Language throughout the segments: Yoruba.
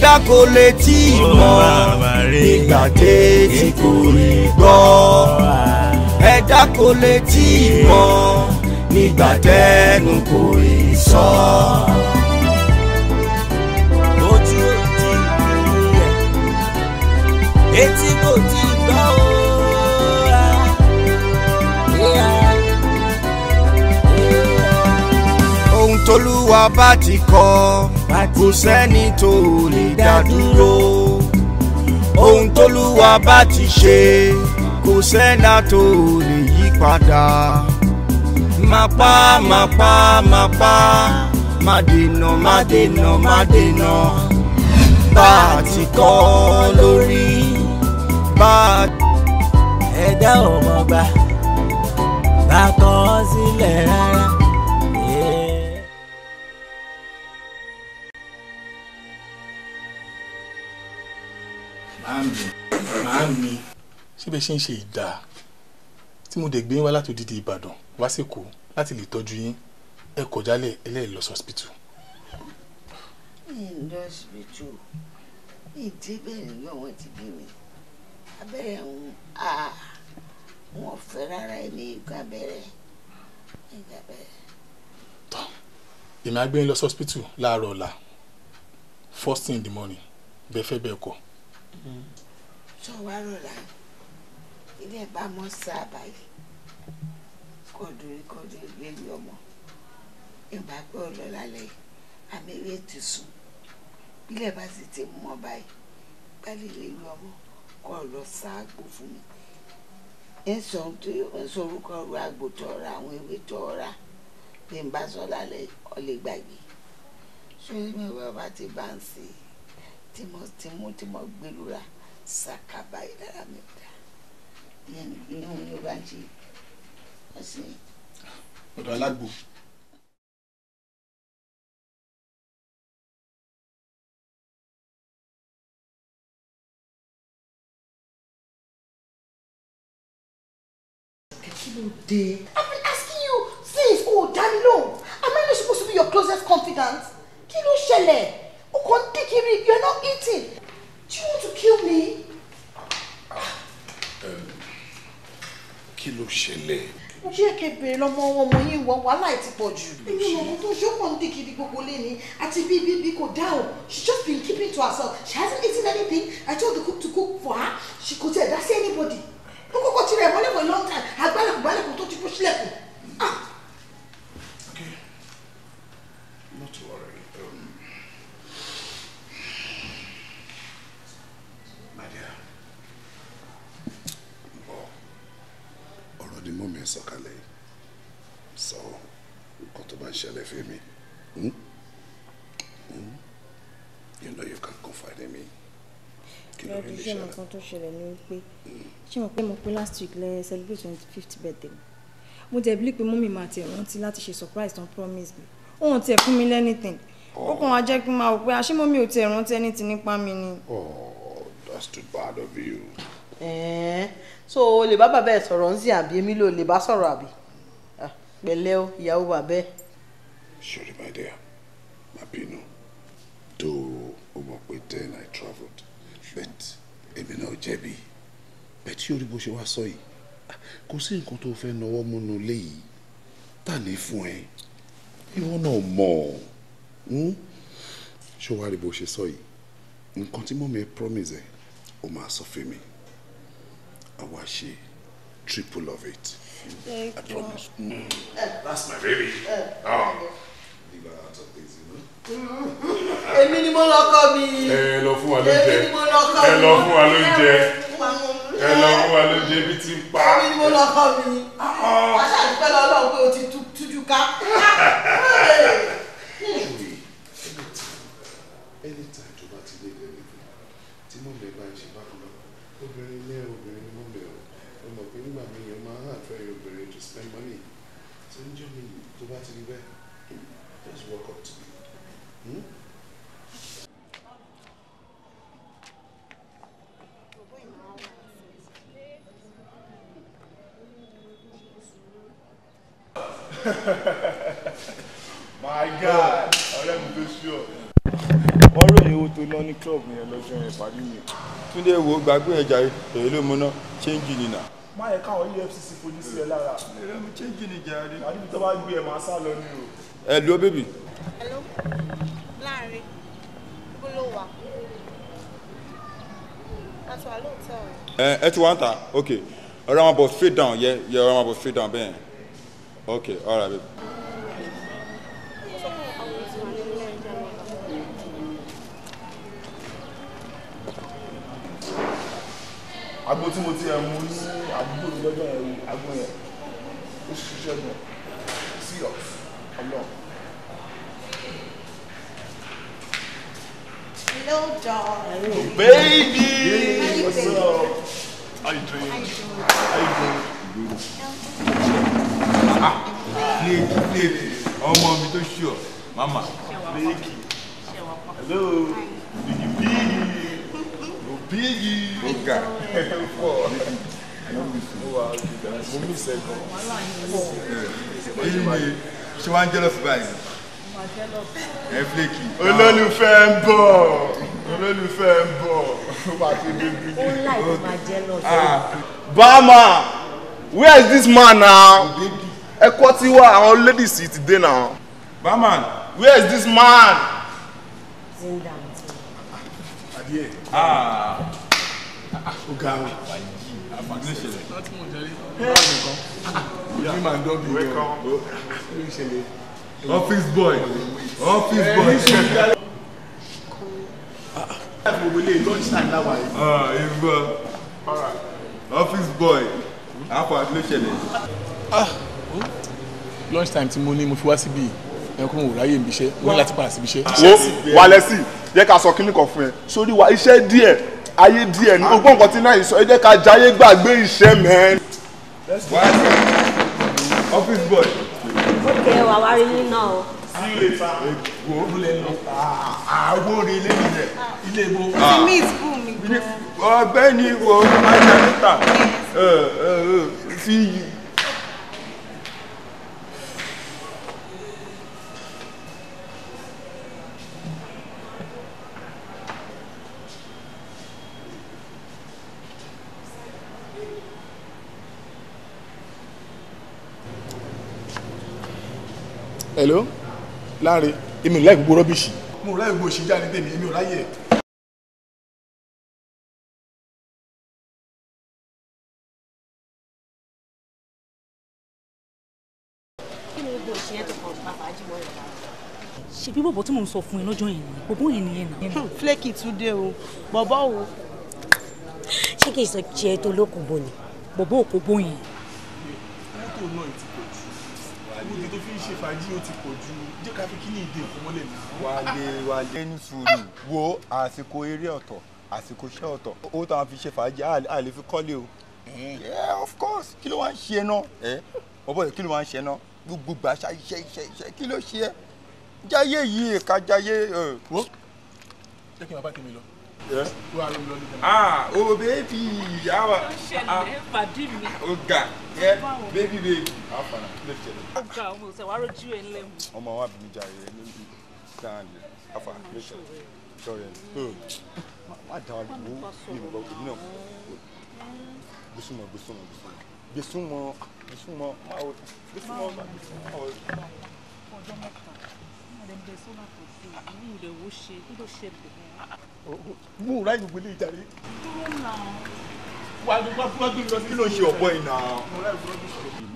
ìgbà kò lè tí ì mọ̀ ìgbà tètè kò rí gbọ́ ẹ̀dá kò lè tí nígbà tẹ́nu kò rí sọ. ojú ti rí ẹ̀ etí. olúwa bá ti kọ kò sẹ́ni tó lè dá dúró ohun tólúwa bá ti ṣe kò sẹ́dá tó lè yí padà màpá màpá màpá má dènà má dènà má dènà bá a ti kọ́ lórí bá a. ẹ̀dá ò mọ̀ gbà bá a kọ́ sílẹ̀ rárá. màámi síbẹ̀ ṣe ń ṣe ìdá tí mo dẹ̀ gbé wá láti òdìdí Ìbàdàn wá sèkó láti lè tọ́jú yín ẹ kọjálẹ̀ ẹlẹ́ẹ̀lọ́ sọ́spítù. ìlọ sọ́spítù ìdí bẹ́ẹ̀ ni wọ́n ti bí mi abẹ́rẹ́ wọn fẹ́ rárá ẹni ìgbà bẹ́rẹ̀ ìgbà bẹ́rẹ̀. tọ́ èmi á gbé yín lọ sọ́spítù láàárọ̀ ọ̀la first thing in the morning bẹ́ẹ̀ fẹ́ bẹ́ẹ̀ kọ́. Mm-hmm tó wá rọ̀lá ilé ẹ̀bá mọ́ sáàbà yìí kọ́dùnrin kọ́dùnrin gbé ní ọmọ ìgbà pé ọ̀rọ̀ lálẹ́ àmì eré ti sùn bílẹ̀ bá sì ti mọ́ báyìí gbálẹ̀ lè lu ọmọ kọ́ lọ sáàgbò fún mi ń sọ orúkọ ru àgbò tó ra àwọn ewé tó ra bí n bá sọ lálẹ́ ọ̀lẹ́ gbàgbé ṣé mi ò ti bá ń sè é tí mo ti mú I've been asking you since o dá mi am I not supposed to be your closest confidant Kilo ló ṣẹlẹ̀ o kàn ń dìkìrì not eating Do you want to kill me? Kí ló ṣẹlẹ̀? Mo jẹ́ kẹbẹ̀rẹ̀ lọ́mọ wọn mo yín wọ wàhálà ẹ̀ ti pọ̀ jù. Èmi ò mọ̀ tó ṣọ́pọ̀ ń dìkì ní gbogbo lé ni àti bí bí bí kò dáhùn. She just been keeping to herself. She hasn't eaten anything. I told the cook to cook for her. She kò tiẹ̀ dá sí anybody. Ó kọ́kọ́ tirẹ̀ mọ́lẹ̀ for a long time. Àgbálẹ̀kùn gbálẹ̀kùn tó ti kú sílẹ̀kùn. Ah! sọ̀kalẹ̀ yìí sọ nǹkan tó bá ń ṣẹlẹ̀ fún mi hmm? Hmm? you know you can confide in me kí ló rí lè ṣẹlẹ̀. ṣé mo tó ṣẹlẹ̀ ni wípé hmm. ṣé mo pé mo pé last week lẹ celebrate twenty fifth birthday mo dẹ̀ bílí pé mọ́mì máa tẹ̀ rántí láti ṣe surprise tán promise mi òun tiẹ̀ fún mi lẹ́nìtìn oh. ó kàn wá jẹ́ kí n máa wò pé àṣé ah, mọ́mì ò tiẹ̀ rántí anything nípa mi ni. oh that's too bad of you. ẹ̀ẹ́. Eh so o lè bá bàbá ẹ sọ̀rọ̀ ń sìn àbí èmi ló lè bá sọ̀rọ̀ àbí pẹ̀lẹ́ o ìyàwó bàbá ẹ. sorry my dear má bínú tó o mọ̀ pé ten i travelled but èmi náà jẹ̀bi bẹ́ẹ̀ tí orí bó ṣe wá sọ yìí kò sí nǹkan tó fẹ́ náwó múnú léyìí tà ní fún ẹ ìwọ náà mọ̀ ọ́n hm? ṣé wàá rí bó ṣe sọ yìí nǹkan tí mọ́mi ẹ promise ẹ ó máa sọ fún mi. I share triple of it. Thank I you. promise. Mm. Eh, that's my baby. Oh. Leave her out of this, you know. Mm-hmm. Èmi ni mo lọ́kọ mi. Ẹ lọ fún wa lóúnjẹ. Èmi ni mo lọ́kọ mi. Ẹ lọ fún wa lóúnjẹ. Ẹ lọ fún wa lóúnjẹ bí ti ń pa. Èmi ni mo lọ́kọ mi. Wọ́n ah, ah. ṣàdúpẹ́ lọ́lọ́run pé o ti tújú ká. my god ọ̀rẹ́ mi ló ṣú ọ. wọ́n ròyìn owó tó ná ní club yẹn lọ́jọ́ yẹn pàdé mi. túnde wo gbàgbé ẹ̀já èyí ló mú ná ṣéǹjì nìyà. má yẹ káwọn efcc fojú sí ẹ lára. ẹ̀rọ mi ṣéǹjì nìjà rí. àdúgbò tó bá gbé ẹ̀ máa sá lọ ni o. ẹ lo bébì. ẹ ló láàrin bó ló wà ẹ ti wá ń ta ok ọ̀rọ̀ àwọn bọ̀ straight down yẹ ọ̀rọ̀ àwọn bọ̀ straight down bẹ́ẹ̀. Okay, all right, babe. agbo tí mo ti ẹ̀ mú ní àdúgbò mi lọ́jọ́ yẹn wò agbo yẹn ó ṣiṣẹ́ gan sí ọ̀ ọlọ́run. Hello, darling. Hello, baby. Hey, what's up? How you doing? How you doing? How you doing? Ah, léèkì léèkì ọmọ mi tó ṣù ọ mama léèkì hello bigi bigi o bigi o ga pọ mo jealous. sẹ gan èyí ni ṣé wàá ń jẹ́lọ́sì báyìí ẹ fílẹ̀kì. olólùfẹ́ ń bọ̀ olólùfẹ́ ń bọ̀ ó láì máa jẹ́lọ́sì. Ah, bama where is this man now. Oh, ẹ kọ́ tí wá àwọn ladies ti dé náà. barman where is this man. adìyẹ o ah. ga o ní ìṣẹ̀lẹ̀ mi máa ń dọ́ bí o ní ìṣẹ̀lẹ̀ office boy office boy. ah ìgbà ah, office boy àpò àdúlé ṣẹlẹ̀. Ah lunch time tí mo ní mo fi wá síbi ẹ̀ kó mo wò ráyè ibi iṣẹ́ mo ní láti padà síbi iṣẹ́. wo wàlẹ́ sí jẹ́ ká sọ kíní kan fún ẹ sórí wa iṣẹ́ díẹ̀ ayé díẹ̀ ní gbogbo nǹkan tí náà sọ ẹ jẹ́ ká jayé gbàgbé iṣẹ́ mẹ́rin. office boy. ó kẹ́ wàá wá rí nínú náà sí ilé ta òru lẹ lọ àwọn orin ilé nìyẹn ilé ibo. ti ní ìsukùn mi gan. ọ̀gbẹ́ni wo ayélujára eh, eh, eh, fi hello láre èmi ò láì gbogbo rọ́bìṣì mo ò láì gbogbo òṣìjà ní tèmi èmi ò láyè ẹ̀. ṣebí bòbò tí mò ń sọ fún ẹ lọ́jọ́ yẹn ni bòbò yẹn nìyẹn náà. Hmm, flaky tún dé o bọ̀bọ̀ o. ṣé kì í sọ jẹ́ tó lókun bò ní bòbò òkú bò yẹn àdéhùn tó fi ń ṣe fàájì ó ti pọ̀ ju jẹ́ ká fi kí ní ìdè ìfọmọ́lẹ̀ mi. wálé wálé ẹnu sùúrù wo àsìkò eré ọ̀tọ̀ àsìkò iṣẹ́ ọ̀tọ̀ owó táwọn fi ṣe fàájì a lè fi kọ́lé o. yeah of course kí ló wá ń ṣe náà ẹ bọ́bọ́ yìí kí ló wá ń ṣe náà gbogbo gbàṣà iṣẹ́ iṣẹ́ iṣẹ́ kí ló ṣe é jáyé yìí ká jáyé. wo jẹ́ kí n bá bá tèmi lọ. Eh? ah oh baby awa ọ̀gá yeah, baby baby afana le fi ṣẹlẹ̀. ọ̀gá ọmọ ọsẹ wàá rojú ẹ nílẹ̀ mu. ọmọ wa bí mi jà yẹ ní ibi dáhàn yẹ afa le ṣẹlẹ̀ sọ̀rọ̀ ẹ hmm. má dá wa dùn ó ní ìbọn no, náà gbèsùmọ gbèsùmọ gbèsùmọ gbèsùmọ má o gbèsùmọ má o. ọjọ́ mẹ́ta ọ̀dẹ̀ ń bẹ sọ́nà tó ṣe ìlú ìrẹ̀wò ṣe kí ló ṣe bẹ̀ mú un ráyè gbélé ìjàre. wà á dùn fún ọdún lọ sí. kí ọ̀pọ̀ iná.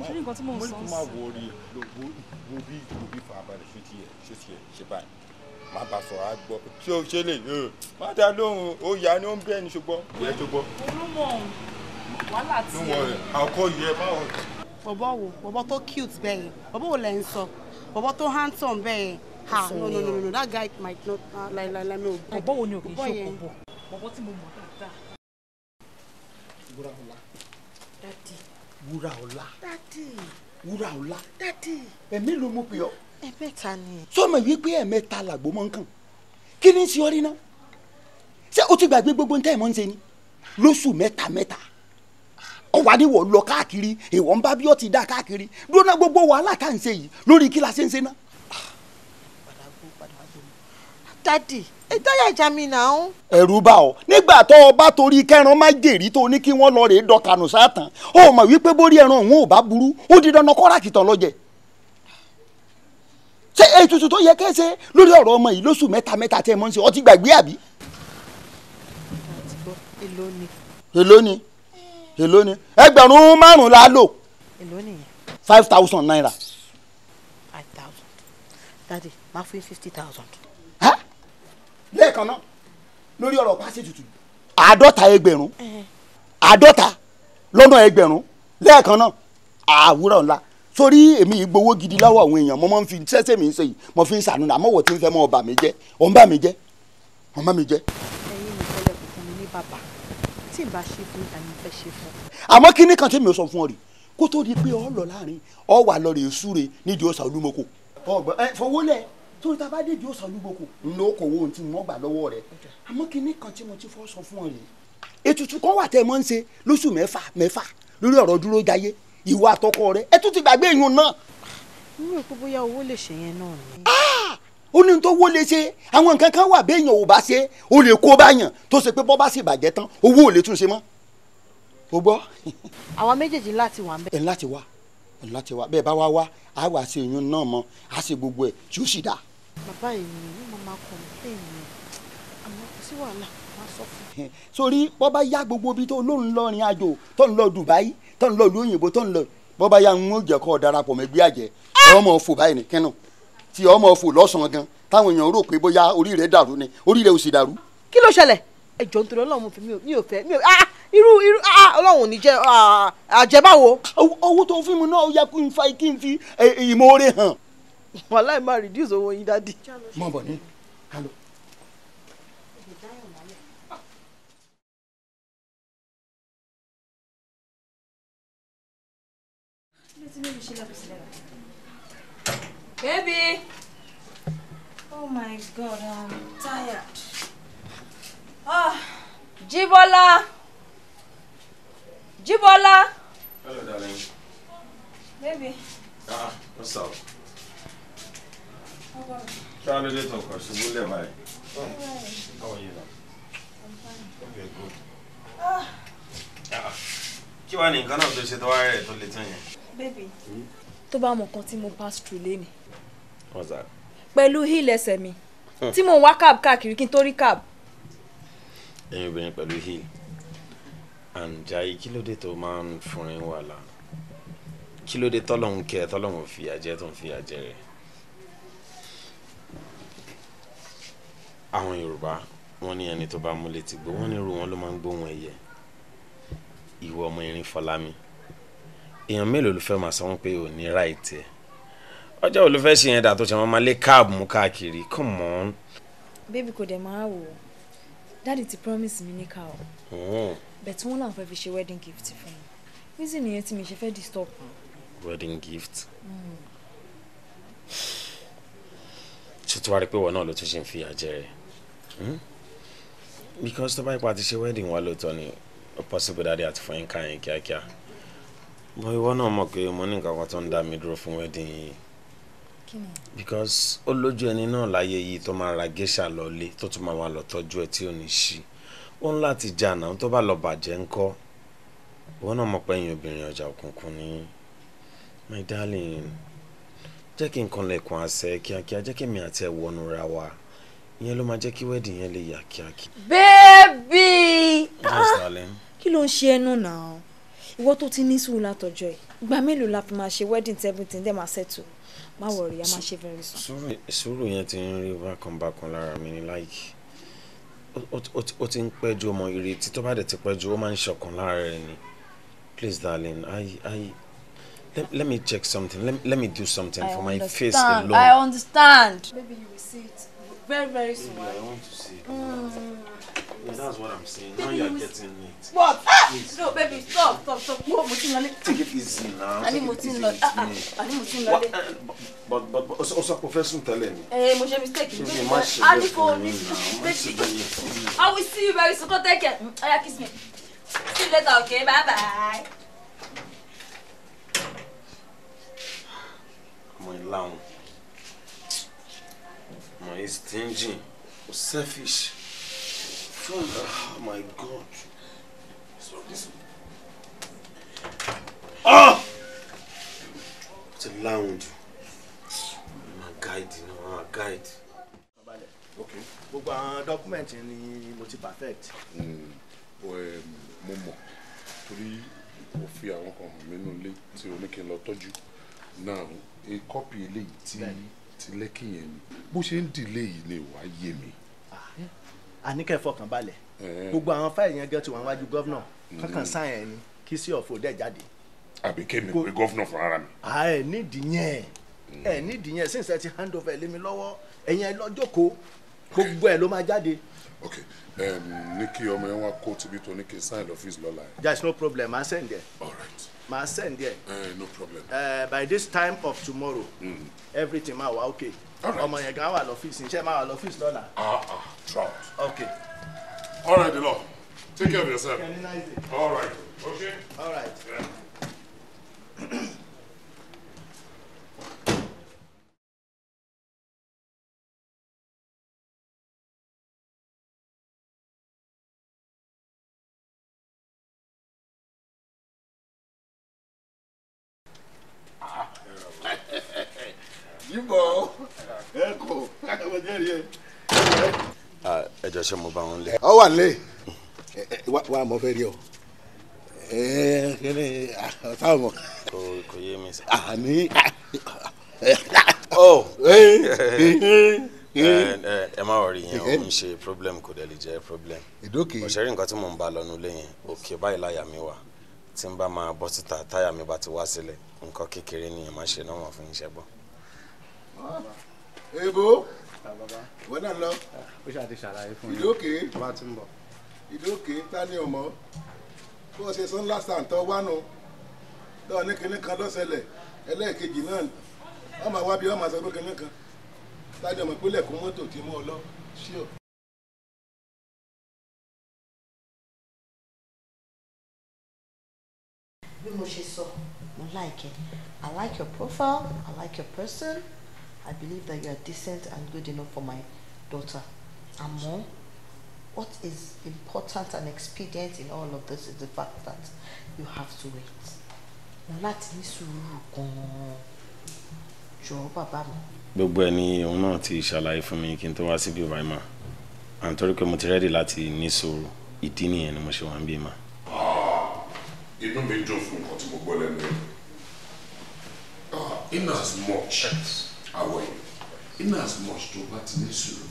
ṣé nǹkan tí mò ń sọ ń mo máa wọrí wo bí wo bí fa abalẹ̀ ṣe tiẹ̀ ṣe tiẹ̀ ṣe báyìí má bàa sọ á gbọ́ tí o ṣe lè eh, má dá lóhùn ó yà ni ó ń bẹ́ẹ̀ ni ṣùgbọ́n ìyá tó gbọ́. olúmọ̀ wàhálà tí. àkọ́ yẹ báwo. bọ̀bọ̀ wo bọ̀bọ̀ tó cute bẹ́ẹ̀ bọ̀bọ̀ wo lẹ́ sọ bọ̀bọ̀ tó handsome bẹ́ẹ̀ ha no no no no that guy might not uh, like like like me o. bọ̀bọ̀ wo ni o kì í ṣe bọ̀bọ̀ bọ̀bọ̀ tí mo mọ̀ dáadáa. wúràọlá. dadi. wúràọlá. dadi. wúràọlá. dadi. ẹ̀mí ló mú pè ọ́. ẹ̀mẹ́ta ni. sọ́mọ wípé ẹ̀mẹ́ta làgbó mọ́ nǹkan kí ni ṣe ọ́ rí náà ṣé o ti gbàgbé gbogbo nǹkan ẹ̀ mọ́ ń ṣe ni lóṣù mẹ́ta mẹ́ta ọwọ́ adéwọ̀ lọ káàkiri ìwọ̀nba bí ó ti dá káàkiri lónà gbogbo wàhálà tá à ń ṣe yìí lórí kí la ṣe ń ṣe náà padà wá gbómi. dádì ẹ dáyà já mi náà. ẹ̀rù bá ọ nígbà tó o bá torí kẹran má jèrè tó ní kí wọ́n lọ rèé dọkànù sátán ó mọ̀ wípé bórí ẹran òun ò bá burú ó di dandan kọ́ra kìtàn lọ́jẹ̀ ṣé ètùtù tó yẹ kẹsẹ lórí ọ̀rọ̀ ọmọ yìí lóṣù mẹ́ta mẹ́ta tẹ́ ẹ mọ́ ń ṣe ọtí gbàgbé àbí. èló ni. èló ni èló ẹgbẹ̀rún márùn-ún la lò. five thousand naira. five thousand daddy máa fún fifty thousand. lẹ́ẹ̀kan náà lórí ọ̀rọ̀ pàṣẹ tutù. àádọ́ta ẹgbẹ̀rún àádọ́ta lọ́nà ẹgbẹ̀rún lẹ́ẹ̀kan náà àwúrọ̀ ńlá sórí èmi ìgbowó gidi lọ́wọ́ àwọn èèyàn mo máa ń fi sẹ́sẹ̀ mi ń sèyí mo fi ń sànù àmọ́ wò tí ń fẹ́ mọ́ ọba mi jẹ́ òun bá mi jẹ́ òun bá mi jẹ́. ẹ̀yin mi tẹ́lẹ̀ kò mi ní bàbá mi fẹ́ ṣe fún. àmọ́ kí kan tí mi ò sọ fún ọ rè kó tó di pé ọ lọ láàrin ọ wà lọ rè é súre nídìí ọ̀sà olúmọ̀kò. ọgbọ́n ẹ fọwọ́lẹ̀ torí tá a bá dédìí ó sọ lúgbòkò ń lo okòwò ohun tí mo gbà lọ́wọ́ rẹ̀ àmọ́ kinní kan tí mo ti fọ́ sọ fún ọ rèé ètùtù kan wà tẹ́ ẹ mọ́ ń ṣe lóṣù mẹ́fà mẹ́fà lórí ọ̀rọ̀ dúró jayé ìwà àtọkọ rẹ ẹ tún ti gbàgbé ìyún náà. mo rò pé bóyá owó lè ṣe yẹn náà ni. Ah! ó ní tó wó lè ṣe àwọn nǹkan kan wà béèyàn ò bá ṣe ó lè kó báyàn tó ṣe pé bọ́ bá sì bàjẹ́ tán owó ò lè tún ṣe mọ́. o gbọ́. àwa méjèèjì láti wà ńbẹ̀. ẹ̀ láti wá ẹ̀ láti wá bẹ́ẹ̀ bá wá wá àá wá ṣe ìyún náà mọ́ àá ṣe gbogbo ẹ̀ tí ó sì dáa bàbá èmi ni mo máa complain ni àmọ́ kò sí wàhálà máa sọ fún. sórí bó bá yá gbogbo ibi tó lóun lọ rìn àjò tó ń lọ Dubai tó ń lọ ìlú òyìnbó tó ń lọ bó bá yá ń ó jẹ́ kó darapọ̀ mẹ́gbẹ́ àjẹ́ ah! ọmọ òfò báyìí nìkan náà tí ọmọ òfò lọ́sàn-án gan táwọn èèyàn rò pé bóyá orí rẹ̀ dàrú ni orí rẹ̀ ò sì dàrú. kí ló ṣẹlẹ̀ ẹjọ́ nítorí Ọlọ́run fi mi ò fẹ́ mi ò ah irú irú ah Ọlọ́run ò ní jẹ́ ah, àjẹbáwo. owó tó fún mi náà ó yẹ kí n fa kí n fi eh, ìmoore hàn wàhálà ẹ máa reduce owó yín dádì. mọ̀ bọ̀ ní kálọ̀. Baby! Oh my God, I'm tired. Ah, oh, Jibola! Jibola! Hello, darling. Baby. Ah, what's up? Try to talk or she will live by. How are you? Okay, good. Kí wá ní nǹkan náà tó ṣe tó wá rẹ̀ tó le tán yẹn? Bébì, tó bá mọ̀ kan tí mo pass through lénìí. What's that? Pẹ̀lú heel ẹsẹ̀ mi, hmm. tí mò ń wá cab káàkiri kí n tó rí cab. Ẹ̀yin obìnrin pẹ̀lú heel, Àǹjàyí kí ló dé tó máa ń fúnrin wàhálà? Kí ló dé tọ́lọ́hún kẹ́ tọ́lọ́hún fìyà jẹ tó ń fìyà jẹ rẹ̀? àwọn yorùbá wọ́n ní ẹni tó bá mú létí gbó wọ́n ní irú wọn ló máa ń gbóhùn ẹyẹ ìwọ ọmọ irin fọlámi èèyàn mélòó ló fẹ́ máa sọ wọn pé ò ní ráìtì ẹ ọjọ́ wo ló fẹ́ ṣe yẹn dà tó ṣe wọn máa lé káàbù mú káàkiri come on. bébì kò dẹ̀ máa wò ó dáàdi ti promise mi ní káà ó bẹ̀tí wọ́n làwọn fẹ́ fi ṣe wedding gift fún mi reason nìyẹn tí mi ṣe fẹ́ disturb. wedding gift. Hmm. ṣètò wa rí pé wọn náà ló tún ṣe ń fìyà jẹ rẹ. Hmm? because tó bá ipa ti ṣe wedding wa lóòótọ́ ni possible dáadé àti fún yínká yẹn kíákíá mo ìwọ náà mọ̀ pé mo ní nǹkan kan tó ń dá mi dúró fún wedding yìí because ó lójú ẹni náà láyé yìí tó máa ra geisha lọlé tó tún máa wà lọ tọ́jú ẹ tí ò ní ṣí ó ń láti jà náà tó bá lọ bàjẹ́ ńkọ́ ìwọ náà mọ̀ pé ẹ̀yin obìnrin ọjà òkùnkùn ni my darling jẹ́ kí n kan lẹ̀kùn àṣẹ kíákíá jẹ́ kí mi àti ẹ̀ wọnú ra wa ìyẹn ló máa jẹ́ kí wedding yẹn lè yà kíákí. bẹ́ẹ̀bì ah! kí ló ń ṣe ẹnu náà ìwọ tó ti ní sùúrù látọjọ́ ẹ ìgbà mélòó la fi máa ṣe wedding everything dẹ máa settle má wọrí a máa ṣe very soon. sùúrù yẹn ti ń rí bákanbákan lára mi ní láìkí ó ti ń pẹ́jù ọmọ ìrètí tó bá dẹ̀ ti pẹ́jù ó máa ń ṣọ̀kan lára rẹ̀ ni please darling i i let, let me check something let, let me do something for my face alone. i understand. Maybe you will see it. Very, very soon. Baby, I want to see. Mm. Yeah, that's what I'm saying. Now you're getting late. What? Ah! No, baby, stop, stop, stop. Take it easy now. I need mo ti lọ. Ah, ah. I need mo ti lọ. Eh, but, but, but, also, also professor tẹ́lẹ̀ mi. Eh, mo a mistake. Ṣé mi máa ṣe bẹ́ẹ̀ I will see you very soon. Go take care. Oya, oh, kiss me. See you later, okay? Bye bye. Ọmọ in wọn. My yìí stingy selfish oh my god so this oh ah! it's a lounge my guide you know my guide. gbogbo àwọn dọ́kúmẹ̀ntì ni mo ti perfect. Mm. Um, mo mọ̀ torí mo fi àwọn kan hàn mí nínú ilé tí oníkin lọ tọ́jú náà kọ́pì eléyìí tí ti lẹ́kì yẹn ni bó ṣe ń dìlé yìí lè wá yé mi. àníkẹ́ fọkàn balẹ̀ gbogbo àwọn fáìlì yẹn gẹ́tù wọn wájú gọ́vnà mm. kankan sáyẹn ni kí sí ọ̀fọ̀ dẹ̀ jáde. àbí kémi pé gọ́vnà fún ara mi. ẹ nídìí yẹn ẹ mm. nídìí yẹn since ẹ ti hand over lé mi lọ́wọ́ ẹ̀yin ẹ lọ́jọ́ kó gbogbo ẹ̀ ló máa jáde. ok ní kí ọmọ yẹn wá kó tibítọ́ ní kí sign office lọ́la. there is no problem i send there. all right. ma send there. Uh, eh, no problem. Uh, by this time of tomorrow, mm. everything ma wa okay. ọmọ yegawa gan wà lọ́fíìsì iṣẹ́ máa wà lọ́fíìsì lọ́la. ah ah trout. okay. all right Dilo take care of yourself. all right okay. all right. Yeah. síbọ̀ ẹ kò káyọ̀ jẹ́rìí ẹ. ẹ ṣe mo bá wọn lé. ọ wà lé wa mo fẹ́ rí ọ kíni ọ̀tá ọmọ. kò yé mi sá. àní. ẹ má wọrí yẹn o ń ṣe problem kò dẹ̀ lè jẹ́ problem. ìdókè. òṣèré nǹkan tí mò ń bá lọ́nu lẹ́yìn òkè báyìí láyà mi wà tí n bá máa bọ́ síta táyà mi bá ti wá sílẹ̀ nǹkan kékeré ni ẹ̀ máa ṣe náà wọ́n fún iṣẹ́ gbọ́n. Ah. ebo wọ́n náà lọ. ó ṣàti ṣàlàyé fún mi. ìdókè ta ni ọmọ bó ṣe sọ ńlá sàǹtọ́ wánu lọ́wọ́ ní kinní kan lọ́sẹ̀lẹ̀ ẹlẹ́ẹ̀kejì náà wọ́n máa sọ pé kinní kan ta ni ọmọ ìpínlẹ̀ kún mọ́tò ti mo sọ mo like i like your profile i like your person. I believe that you are decent and good enough for my daughter. Àmọ́ what is important and expedient in all of this is the fact that you have to wait. Mo láti ní sùúrù gan-an. mi. Gbogbo ẹ̀ ni òun náà ti ṣàlàyé fún mi kí n tó wá síbí ìwà ìmọ̀. À pé mo ti rẹ́dì láti ní sùúrù. Ìdí nìyẹn ni mo ṣe wá ń bí ma. Inú mi dùn fún nǹkan tí mo gbọ́ lẹ́nu ẹ̀. Ah, in as much àwọ̀ yìí iná as much to bá ti ní sùúrù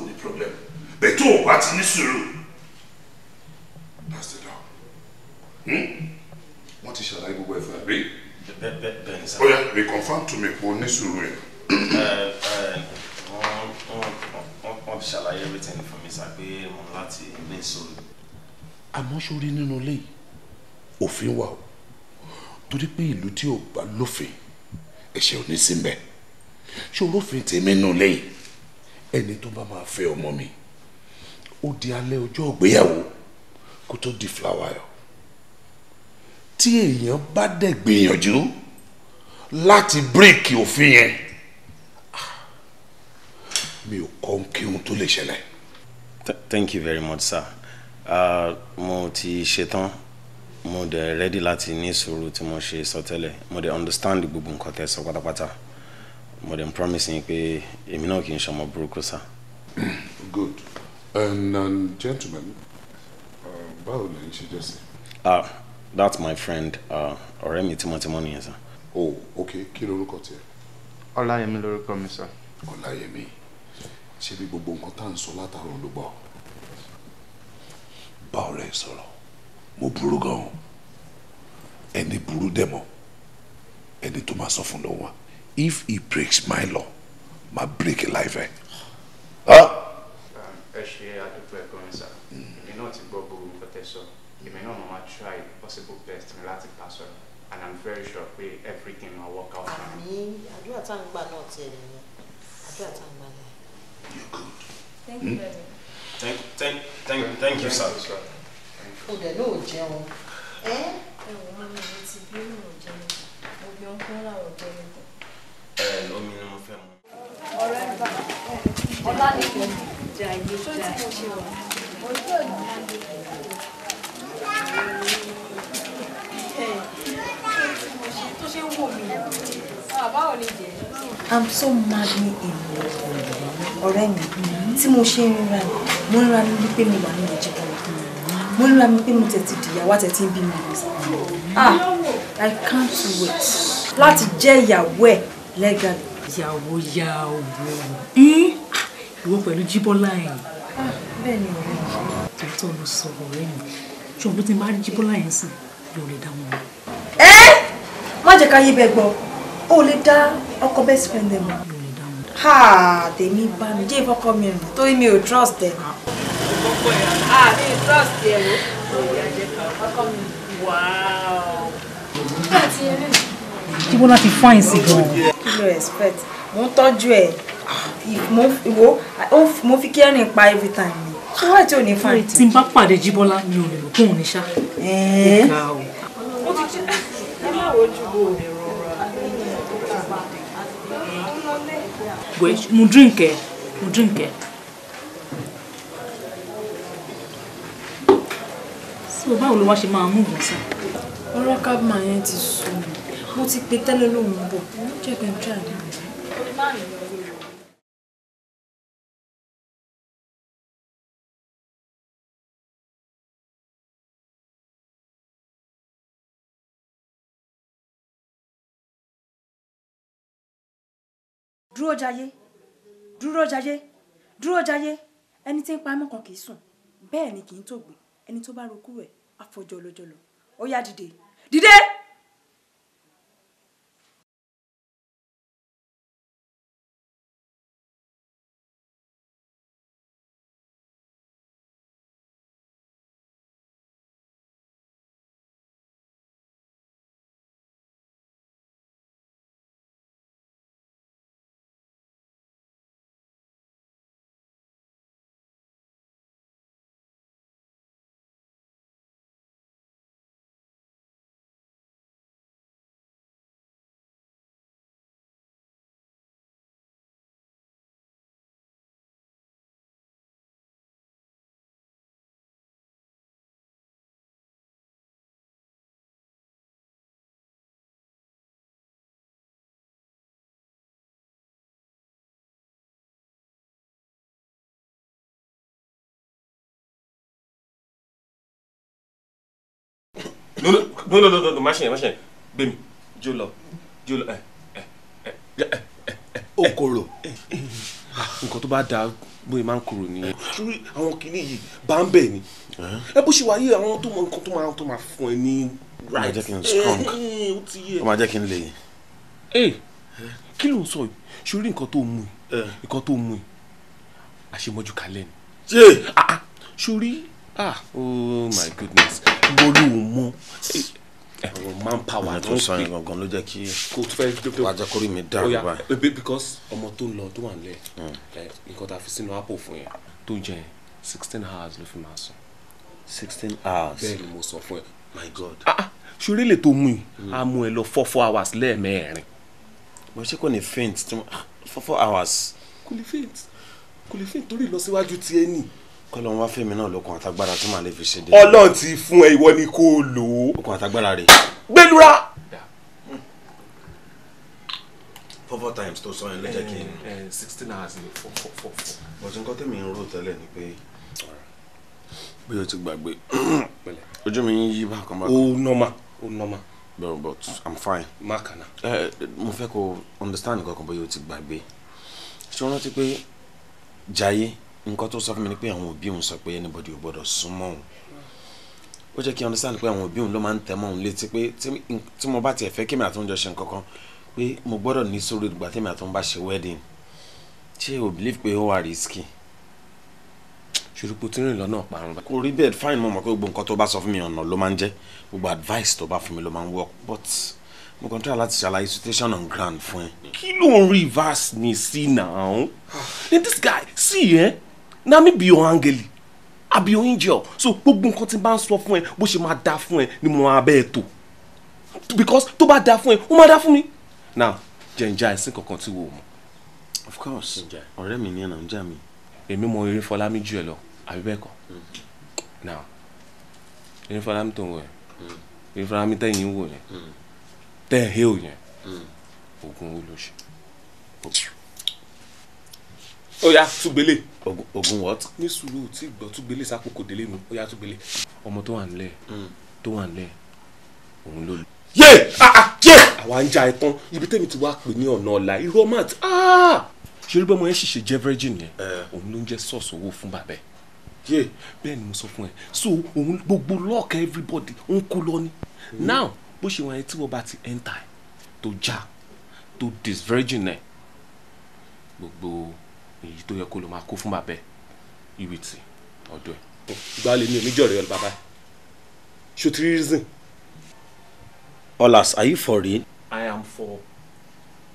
ó ní problem bẹ́ẹ̀ tó o bá ti ní sùúrù that's the law hmm? wọ́n ti ṣàlàyé gbogbo ẹ̀fọ́ àbí. bẹ́ẹ̀ ni sá. ó yá reconfirm to me pé o ní sùúrù yẹn. Eh, eh, wọ́n ti ṣàlàyé everything fún mi sá pé mo ń láti ní sùúrù. àmọ́ sórí nínú ilé yìí òfin wà o torí pé ìlú tí ò bá lófin ẹ̀ṣẹ̀ ò ní sí mbẹ̀ ṣé olófin tèmi nù lẹ́yìn ẹni tó bá máa fẹ́ ọmọ mi ó di alẹ́ ọjọ́ ìgbéyàwó kó tó di fúláwà yọ tí èèyàn bá dẹ̀ gbìyànjú láti bíríkì òfin yẹn ah, mi ò kọ́ kí ohun tó lè ṣẹlẹ̀. thank you very much sir uh, mo ti ṣetán mo dẹ̀ ready láti ní sùúrù tí mo ṣe sọ tẹ́lẹ̀ mo dẹ̀ understand gbogbo nǹkan tẹ́ sọ pátápátá. So mo dem promise yín pé èmi náà kì í ṣọmọ burúkú sá. good and um, gentleman uh, báwo lè ń ṣe jẹ́ sí. ah that's my friend uh, ọ̀rẹ́ mi tímọ́tímọ́ nìyẹn sá. oh okay kí lorúkọ tiẹ̀. ọláyẹmí lorúkọ mi sá. ọláyẹmí ṣé bí gbogbo nǹkan tá à ń sọ látàrọ̀ ló gbọ́. báwo lè sọ̀rọ̀ mo burú gan-an ẹni burú dẹ̀ mọ́ ẹni tó máa sọ fún lọ́wọ́. If he breaks my law, my break a life. Eh? Ah. Huh? ẹ ṣe àdúgbò ẹ̀gbọ́n mi sá èmi náà ti You gbogbo nǹkan tẹ́ try possible best mi láti pass on and i'm very sure pé everything will work out. àmì àdúrà tá à ń gbà náà ti ẹ̀ nìyẹn àdúrà tá à ń gbà náà. you're thank you very hmm? much. thank thank thank thank you sir. o dẹ̀ náà ò jẹun. ẹ ẹ wọ́n mi ti bí mo jẹun mo I'm so madly in love with you ọ̀rẹ́ mi tí mo ṣe ń ríra mi mo ń ra mi wípé mi wà ní ìjìká mo ń ra mi pé mo tẹ̀tí dìyàwó àtẹ̀tí ń bí mi ah I can't wait láti jẹ́ ìyàwó ẹ̀ legally yàwó yàwó hmm? ìwọ pẹ̀lú jíbọ́lá yẹn. Ah, bẹ́ẹ̀ ni ọ̀rẹ́ mi. tòótọ́ ló sọ ọ̀rẹ́ mi ṣùgbọ́n bí ti máa rí jíbọ́lá yẹn sìn yóò lè dá wọn. ẹ má jẹ́ ká yí bẹ́ẹ̀ gbọ́ ó lè dá ọkọ best friend ẹ̀ mọ́. yóò lè dá ha tèmi bá mi jẹ́ ìfọkọ mi rìn torí mi ò trust ah. ẹ̀. ọkọ ẹ̀ á mi trust ẹ̀ o ọkọ mi wàá. jíbọ́lá ti fáìn sí gan-an kí ló expect mo ń tọ́jú ẹ̀ ìwọ ah, mo fi kí ẹ̀rìn pa every time ni ṣé wàá tí ò ní fà ní. tí n bá pàdé jíbọ́lá mi ò lè lò kóun ní ṣá. mo ti mo drink ẹ, mo drink ẹ. báwo ló wá ṣe máa mú ìgbọ̀nsẹ̀? Ọ̀rọ̀ kábìmọ̀ yẹn ti sùn mo ti pe tẹ́lẹ̀ lóhùn bọ̀ duro jaye, duro jaye, dé. dúró jayé dúró jayé dúró jayé ẹni tí ń pa mọ́kàn kì í sùn bẹ́ẹ̀ ni kì í tògbìn ẹni tó bá rokú no no no no no machine má ṣe yẹn má ṣe yẹn gbé mi jó lọ ẹ ẹ ẹ ẹ. okoro eh, eh. nǹkan tó bá da bóyá máa ń kúrò nìyẹn. sórí àwọn kìnìún yìí bá ń bẹ̀ ni eh? ẹ bó ṣe wà yìí àwọn tó mọ nǹkan tó máa tó máa fún ẹ ní. O máa jẹ́ kí n strong ó máa jẹ́ kí n lè. ee kí ló ń sọ yìí sórí nǹkan tó mú yìí tó mú àṣemọ́jú kalẹ̀ ni. ṣé ah, ah ah oh my goodness wọlé o mọ ẹ̀rọ eh, eh, manpower ló ń pè é gangan ló jẹ́ kí kò mi dá rúbà eh, because ọmọ tó ń lọ tó wà ń lẹ hmm. nǹkan tá a fi sínú apple fún yẹn tó jẹ sixteen hours ló fi máa sùn. sixteen hours bẹ́ẹ̀ ni mo sọ fún ẹ my god. Ah, ah, ṣoré lè tó mú i hmm. a mú ẹ lọ four four hours lẹ́ẹ̀mẹ́rin. mo ṣe kò ní faint ah, four four hours. kò lè faint kò lè faint torí ìlọsíwájú tiẹ̀ nì kọ́lọ́n wá fèmí náà lókun àtagbára tí màá lè fi ṣe dé. ọlọ́run ti fún ẹ ìwọ ni kó o lò ó. okun àtagbára rẹ̀. gbẹlura. four times tó sọ yẹn ló jẹ́ kí n. Eh, eh, sixteen hours ni four four four. bọ̀dé nǹkan tẹ̀mí ń rò tẹ́lẹ̀ ni pé bí o ti gbàgbé ojú mi ń yí bákan bákan. o normal o normal. but but i'm fine. má kàná. ẹ eh, mo fẹ́ kó understand nǹkan kan bóyá o ti gbàgbé ṣé o rántí pé Jaiye nǹkan tó sọ fún mi ni pé àwọn òbí òun sọ pé anybody ò gbọdọ̀ súnmọ́ òun ó jẹ́ kí n understand pé àwọn òbí òun ló máa ń tẹ́ mọ́ òun létí pé tí mo bá tiẹ̀ fẹ́ kí mi àtúnjọ ṣe nǹkan kan pé mo gbọ́dọ̀ ní sórí ìgbà tí mi àtúnjọ bá ṣe wedding ṣé o believe pé ó wà risky ṣùrùpù tí ń rìn lọ́nà parun. kò rí bẹ́ẹ̀ fine mo mọ̀ pé gbogbo nǹkan tó bá sọ fún mi ọ̀nà ló máa ń jẹ́ gbogbo advice tó bá fún mi ló máa ń work but mo kàn try láti ṣàlàyé situation on ground fún ẹ. kí ló ń reverse ní sí náà? then this guy see eh? na mi bi your angel àbí your angel so gbogbo nǹkan tí n bá ń sọ fún ẹ bó ṣe máa dáa fún ẹ ni mo máa bẹ́ẹ̀ tó because tó bá dáa fún ẹ ó máa dáa fún mi. now jẹ̀njà ẹ̀sìn kankan tí wò ó mọ̀. of course ọ̀rẹ́ mi ni ẹ̀nà ń jà mí. èmi mọ eré fọlá mi jù ẹ lọ àbí bẹ́ẹ̀ kọ́ mm. now eré fọlá mi tó ń wọ ẹ eré fọlá mi tẹ̀yìn wò yẹn mm. tẹ̀ ń hẹ́ òyìn oògùn olóṣèlú ó yá túgbélé. ogun what. ní sùúrù tí gbọ́ túgbélé sápò kò délé mi ó yá túgbélé. ọmọ tó wà nílẹ̀ hmm. tó wà nílẹ̀ òun ló lù. yé ah, ah, yé àwa ń ja ẹ̀tàn ibi tẹ́mi ti wá pè ní ọ̀nà ọ̀la irú ọmọ àti ah! ṣeré bọ́mọ yẹn ṣìṣe jẹ́ virgin yẹn eh. òun ló ń jẹ́ sọ́ọ̀sì owó fún bàbá ẹ̀ yé bẹ́ẹ̀ ni mo sọ fún ẹ so òun gbogbo lock everybody ń kú lọ ni hmm. now bó ṣe wọn yẹn tí wọ́n bá ti enter to já to dis virgin gbogbo èyí tó yẹ kó ló máa kó fún bàbá e ẹ ìwé tì ẹ. gbá lè ní oníjọ́ rẹ̀ ọ̀lù bàbá ṣòtìrí reason. Olas, are you for real? I am for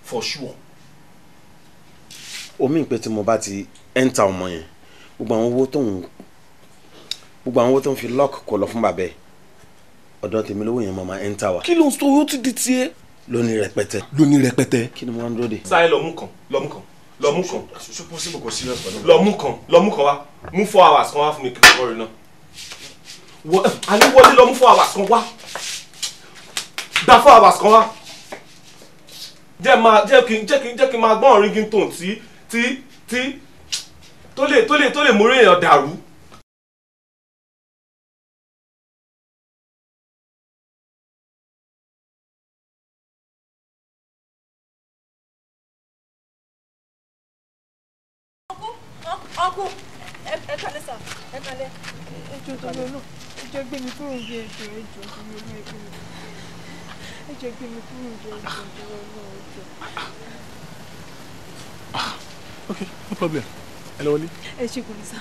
for sure. omi ìpè tí mo bá ti ẹ́ńtà ọmọ yẹn gbogbo àwọn owó tó ń gbogbo àwọn owó tó ń fi lọ́ọ̀kì kọ lọ fún bàbá ẹ̀ ọ̀dọ̀ tèmi lówó yẹn mo máa ẹ́ńtà wa. kí ló ń sọ owó ti di tiẹ̀. lónìí rẹpẹtẹ. lónìí rẹpẹtẹ. kí ni mo máa ń dúró de. sáyé lọ́mú kan lọ́mú kan lọ mú kan lọ mú kan lọ mú kan Wa. mú four hours kan wá fún mi kí n kọ́ rẹ̀ náà àyíwọlé lọ mú four hours kan wá gba four hours kan wá jẹ́ máa jẹ́ kí jẹ́ kí jẹ́ kí máa gbọ́n ringing tone tí tí tí tó lè tó lè tó lè mórí èèyàn dàrú. ẹjọ ẹjọ ẹjọ ẹjọ gbé mi kúrò ẹjọ ẹjọ ẹjọ ẹjọ. ok no problem ẹ lọ wọlé. ẹ ṣe kò ní sá.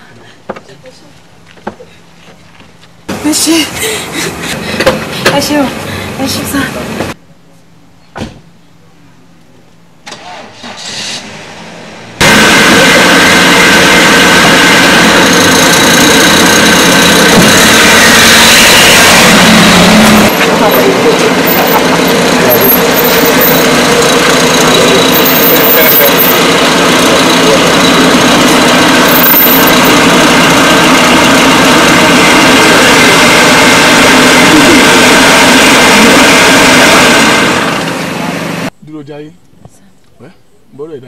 ẹ ṣe ẹ ṣe o ẹ ṣe sá.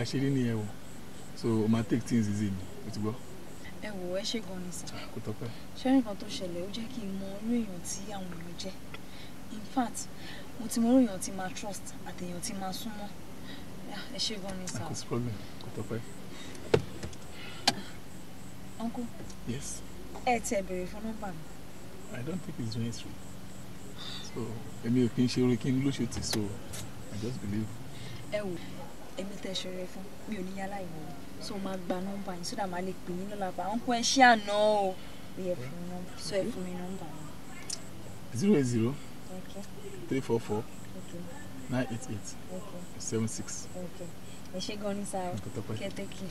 a ṣe rí nìyẹn so o máa take things easy ni o ti gbọ́. ẹ wò ẹ ṣe gan ni sir. Ah, kò tọpẹ. ṣẹ́rí kan tó ṣẹlẹ̀ ó jẹ́ kí n mọ irú èèyàn tí àwọn èèyàn jẹ́ in fact mo ti mọ irú èèyàn tí máa trust àti èèyàn tí máa súnmọ́ ah, ẹ ṣe gan ni sir. Ah, kò sí problem kò tọpẹ. uncle. yes. ẹ tẹ béèrè fún nọ́mbà mi. i don't think it's necessary so èmi ò kí n ṣe orin kí n lóṣù tì so i just believe. ẹ wò èmi tẹ ṣe rẹ fún mi ò ní yálà ìwọ so máa gba nọ́mbà yìí sódà máa lè pè yín lọ́la bá wọn ẹ ṣe àná o bí ẹ fún mi sọ ẹ fún mi nọ́mbà yìí. zero eight zero three four four nine eight eight seven six. ẹ ṣe gan ni sáà kẹtẹkì.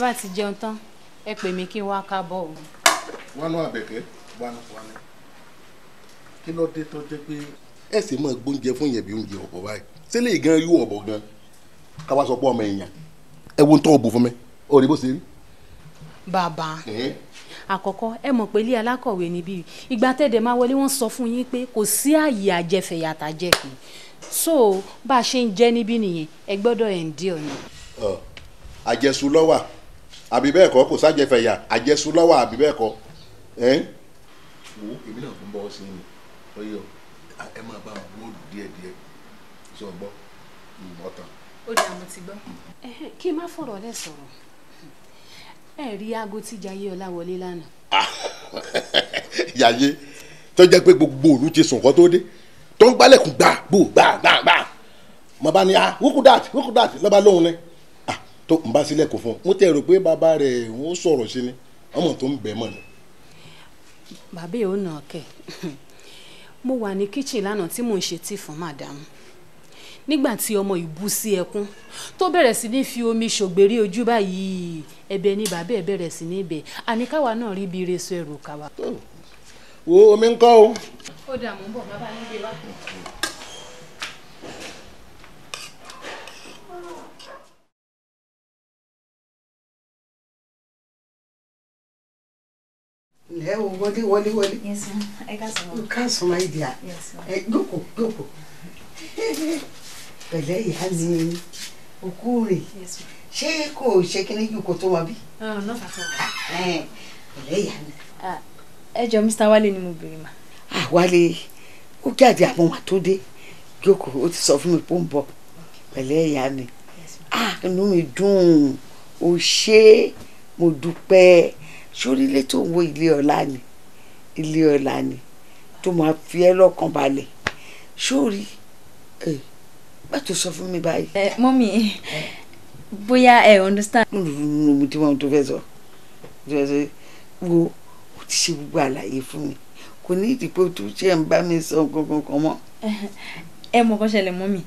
bá ti jẹun tán ẹ pè mí kí n wá kábọ̀ o. wánú àbẹ̀kẹ́ wánú wánú kí ló dé tó jẹ́ pé ẹ sì máa gbóúnjẹ fún yẹn bí oúnjẹ ọ̀pọ̀ báyìí sílẹ̀ gan irú ọ̀bọ̀ gan káwá sọ pé ọmọ èèyàn ẹ wo ń tọ́ ọ̀bù fún mi ò rí bó ṣe rí. bàbá àkọ́kọ́ ẹ mọ̀ pé ilé alákọ̀wé níbí ìgbà tẹ̀dẹ̀ máa wọlé wọ́n sọ fún yín pé kò sí àyè àjẹfẹ̀yàtàjẹ kì so bá a ṣe ń jẹ́ níbí nìyẹn ẹ gbọ́dọ̀ ẹ̀ ń dí ọ̀nà. àjẹsùn lọ́wà àbí bẹ́ẹ̀ kọ́ kò sájẹfẹ̀yà àjẹsùn lọ́wọ́ àbí bẹ́ẹ̀ kọ́. wo èmi náà fún bọ́ sí i ọyọ ẹ máa bá wọn bóòlù díẹ̀díẹ̀ sọ gbọ ọtàn. ó dà mo ti gbọ́. kí n má fọ̀rọ̀ lẹ̀ sọ̀rọ̀ ẹ rí aago tí jayé ọlá wọlé lánàá. yàyé ah, tó jẹ́ pé gbogbo òlu ti sùn kó tó dé tó ń gbálẹ̀kùn gbà gbò gbà gbà gbà mo bá ní a wúkú dàtí wúkú dàtí lọ́ba lóhun ni tó ń bá sílẹ̀ kó fún un mo tẹ̀ rò pé bàbá rẹ̀ ń sọ̀rọ̀ sí ni ọmọ tó ń bẹ̀ mọ̀ ni. bàbá ò nà kẹ mo wà ní kíchìn lánàá tí mò ń ṣe tíì fún màdámù nígbà tí ọmọ ìbú sí ẹkún tó bẹ̀rẹ̀ sí ní fi omi ṣògbérí ojú báyìí ẹ̀bẹ̀ ni bàbá ẹ̀ bẹ̀rẹ̀ sí ní ibẹ̀ àníkáwa náà rí ibi iresu ẹrù káwa. wo omi ń kọ́ o. ó dààmú bọ̀ bàbá yín gbé wá. lẹ́ o wọlé wọlé wọlé. Yes ma, ẹ ká sọ ma ìdí à. Ẹ jókòó jókòó. Pẹ̀lẹ́ ìyá mi òkú rẹ̀. Ṣé kò ṣe kíní jù kó tó wa bí? Pẹ̀lẹ́ ìyá mi. Ah, ẹ jọ Mr. Wálé ni mo bèrè mà. Àwálé ah, ó jáde àwọn wà tó dé jókòó ó ti sọ fún mi pé ó ń bọ̀ pẹ̀lẹ́ ìyá mi. Ah, inú mi dùn ó ṣé mo dúpẹ́ sórí ilé tó ń wo ilé ọlá ni ilé ọlá ni tó máa fi ẹ́ lọ́kàn balẹ̀ sórí ẹ bá tó sọ fún mi báyìí. ẹ mọ́mí bóyá ẹ understand. mo lù ú mo ti wọn tó fẹ́ sọ wo o ti ṣe gbogbo àlàyé fún mi kò ní ìdìbò tó ṣe ń bá mi sọ kankan kan mọ́. ẹ mọ̀ kó ṣẹlẹ̀ mọ́mí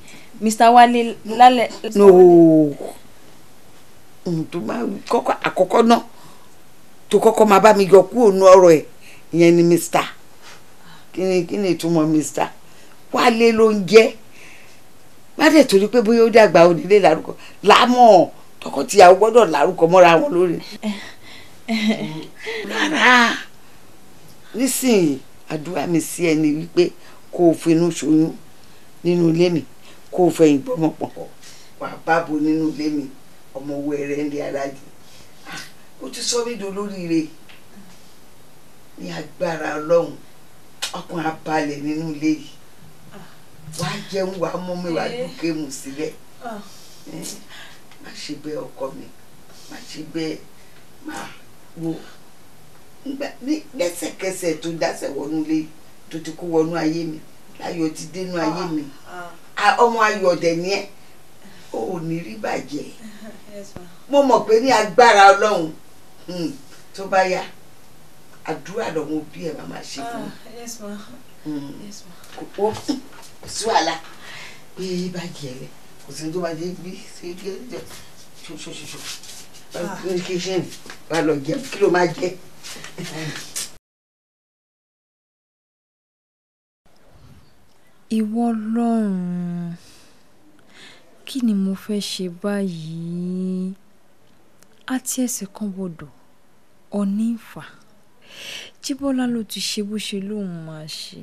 Mr. Wálé lálẹ́. no ohun tó máa kọ́kọ́ àkọ́kọ́ náà tó kọ́kọ́ máa bá mi yọ kúrò nú ọ̀rọ̀ ẹ̀ ìyẹn ni mr kíni kíni ìtumọ̀ mr wálé ló ń jẹ́ má dẹ̀ torí pé bóyá ó dàgbà onílé lárúkọ lámọ̀ tọkọtìyàwó gbọ́dọ̀ lárúkọ mọ́ra wọn lórí rárá nísìnyí àdúrà mi sí ẹni wípé kó o finú ṣoyún nínú ilé mi kó fẹ̀yìn gbọ́mọ̀pọ̀ wàá bá nínú ilé mi ọmọ owó ẹrẹ ń di aláàjì ó ti sọ mí dolóríire ní agbára ọlọ́run ọkùnrin abalẹ̀ nínú ilé yìí wà á jẹun wà á mú mi wà á dùn kéèmù sílẹ̀ má ṣe bẹ́ẹ̀ ọkọ mi má ṣe bẹ́ẹ̀ má wo lẹ́sẹ̀kẹsẹ̀ tó dáṣẹ̀ wọnú ilé tó ti kó wọnú ayé mi láyọ̀ ti dénú ayé mi ọmọ ayọ̀ ọ̀dẹ̀ ni ẹ́ ò ní rí bàjẹ́ mo mọ̀ pé ní agbára ọlọ́run Hmm, tó bá yá àdúrà lọ́wọ́ bí ẹ̀ máa máa ṣe fún ah, mi hmm. kò pọ̀ kò sí wàhálà pé báàgì ẹ̀ lẹ̀ kò sí tó bá dé bí ṣe kí ẹ jẹ ṣoṣoṣo lórí wà lọ jẹ kí ló máa jẹ. ìwọ lọ́rùn kí ni mo fẹ́ ṣe báyìí ats kánbọ̀dọ̀ ọ̀ọ́nì ìfà jíbọ́lá ló ti ṣe bó ṣe lóun máa ṣe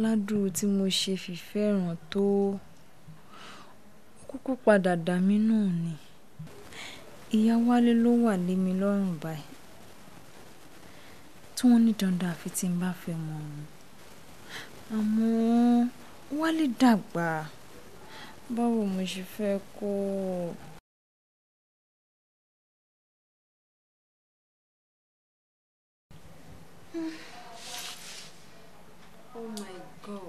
ládùúrú tí mo ṣe fìfẹ́ ràn tó ó kúkú padà dà mí náà ni ìyá wálé ló wà lé mi lọ́rùn báyìí tí wọ́n ní dandan àfi tí n bá fẹ́ mọ òun àmọ́ wálé dàgbà báwo mo ṣe fẹ́ kó o. Oh my God.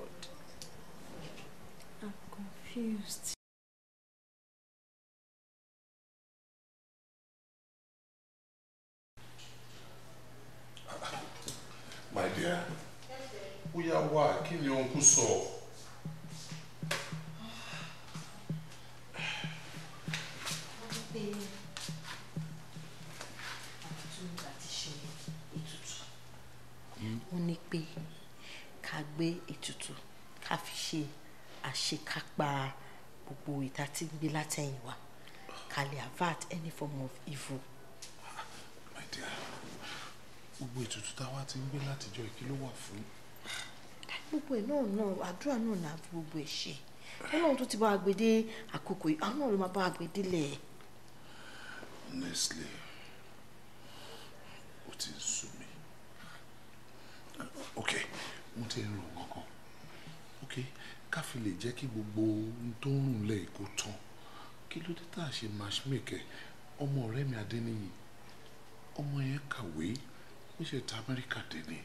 I'm confused. My dear, We are working on ni any form of evil. my dear gbogbo ètùtù táwa ti ń gbé látijọ́ kí ló wà fún. gbogbo ẹ̀ náà náà àdúrà náà náà fi gbogbo ẹ̀ ṣe ọlọ́run tó ti bá agbèdé àkókò yìí àwọn náà ló máa bá agbèdé lẹ̀. honestly ó ti ń sú mi ok mo ti ń rò kankan ok ká fi lè jẹ́ kí gbogbo ohun tó ń rùn lẹ̀ kó tán kí ló dé tá a ṣe matchmaker ọmọ ọ̀rẹ́ mi adéníyì ọmọ yẹn kàwé ó ṣe ta amẹ́ríkà dé ni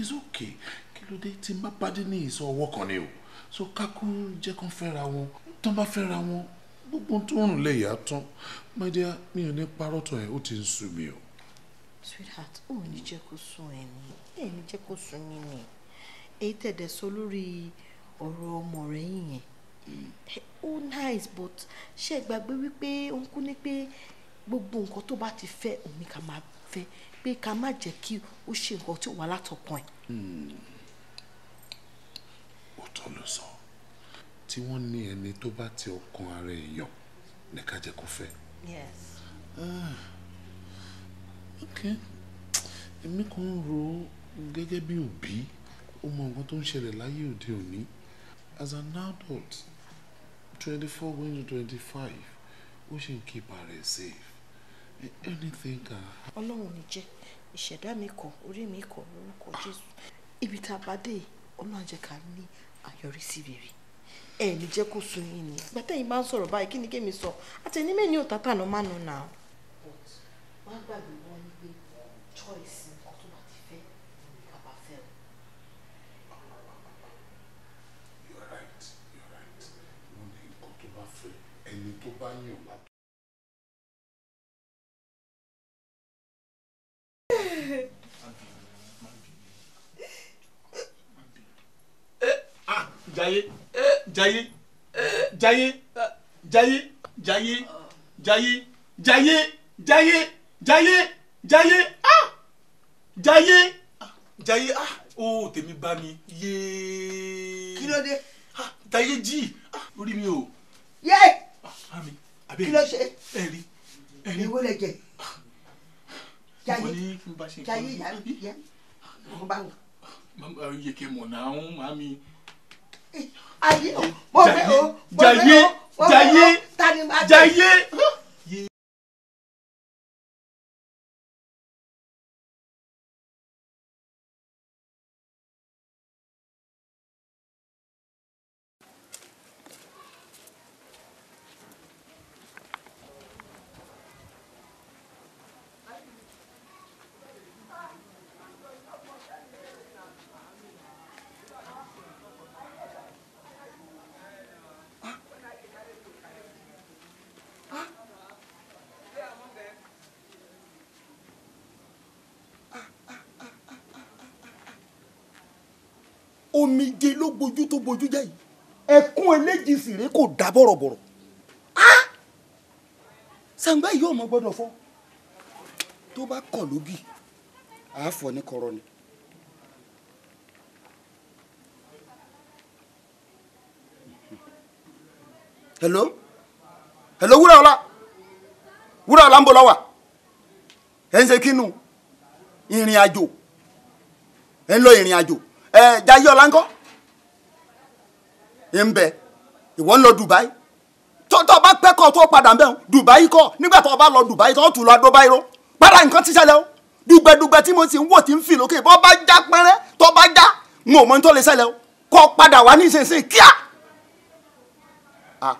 is okay kí ló dé tí n bá pàdé ní ìsọ ọwọ́ kan ni o so kákú jẹ́ kán fẹ́ra wọn tán bá fẹ́ra wọn gbogbo tó ń rùn lẹ́yìn àtán my dear mi ò ní parọ́ tán ẹ̀ ó ti ń sú mi o. sweetheart ó ní jẹ́ kó sún ẹ̀ ní ẹ̀ ní jẹ́ kó sún mi ní èyí tẹ̀dẹ̀ sọ lórí ọ̀rọ̀ ọmọ rẹ̀ yìnyẹn hmm ó nice but ṣe é gbàgbé wípé ó ń kú ní pé gbogbo nǹkan tó bá ti fẹ́ òun ni ká máa fẹ́ pé ká má jẹ́ kí ó ṣe nǹkan tí ò wá látọkàn ẹ̀. Hmm. òótọ́ ló sọ tí wọ́n ní ẹni tó bá ti ọkàn ara èèyàn ní ká jẹ́ kó fẹ́. yes. ah ok èmi kàn ń ro gẹ́gẹ́ bí òbí ó mọ nǹkan tó ń ṣẹlẹ̀ láyé òde òní as an adult 24 going to 25 ó keep her safe anything can. ọlọ́run ní jẹ́ ìṣẹ̀dá mi kọ̀ orí mi kọ̀ lórúkọ jésù ibi tá a bá dé ọlọ́run jẹ́ ká ní àyọrísí rere ẹ ní jẹ́ kó sun yín ni ìgbà tẹ́yìn bá ń sọ̀rọ̀ báyìí kí ni kémi sọ àtẹnimẹ́ ni ò tátà ló má nù nà. wọ́n tó bá yàn wá. Ah, Jayé eh, Jayé eh, Jayé Jayé Jayé Jayé Jayé Jayé Jayé Jayé ah Jayé ah, Jayé ah ó tèmi bá mi yéé. Kí ló dé? Ah, Jayé jí orí mi o. Yéé kí ló ṣe ìwé lè jẹ jayé jayé yá mo bá wò. yèké mọ̀ náà ń máa ayé o mo fẹ́ o mo fẹ́ o mo fẹ́ o tani máa jẹ. omijé ló gbojú tó gbojú jẹ́ yìí ẹkún eléjì sìré kò dá bọ̀rọ̀bọ̀rọ̀ á sàǹgbá yìí ọmọ gbọ́dọ̀ fọ́ tó bá kọ̀ lógì àáfọ̀ ní kọ̀rọ̀ ni. hello hello wúrà ọlá wúrà ọlá ń bọ̀ lọ́wà ẹ̀ ń ṣe kínú ìrìn àjò ẹ̀ ń lọ ìrìn àjò ẹ Jaiye Ọláńkọ́ ń bẹ ìwọ ń lọ Dubai tó tó bá pẹ́ kọ́ tó padà bẹ́ẹ̀ Dubai kọ́ nígbà tó bá lọ Dubai tó tún lọ adóbáyé ró padà nǹkan ti ṣẹlẹ̀ o dùgbẹ̀dùgbẹ̀ tí mo ti ń wò tí ń fi lókè bọ́ bá já pẹ́rẹ́ tó bá já n ò mọ tó lè ṣẹlẹ̀ o kọ́ padà wá ní ìsinsìnyí kíá. Ah.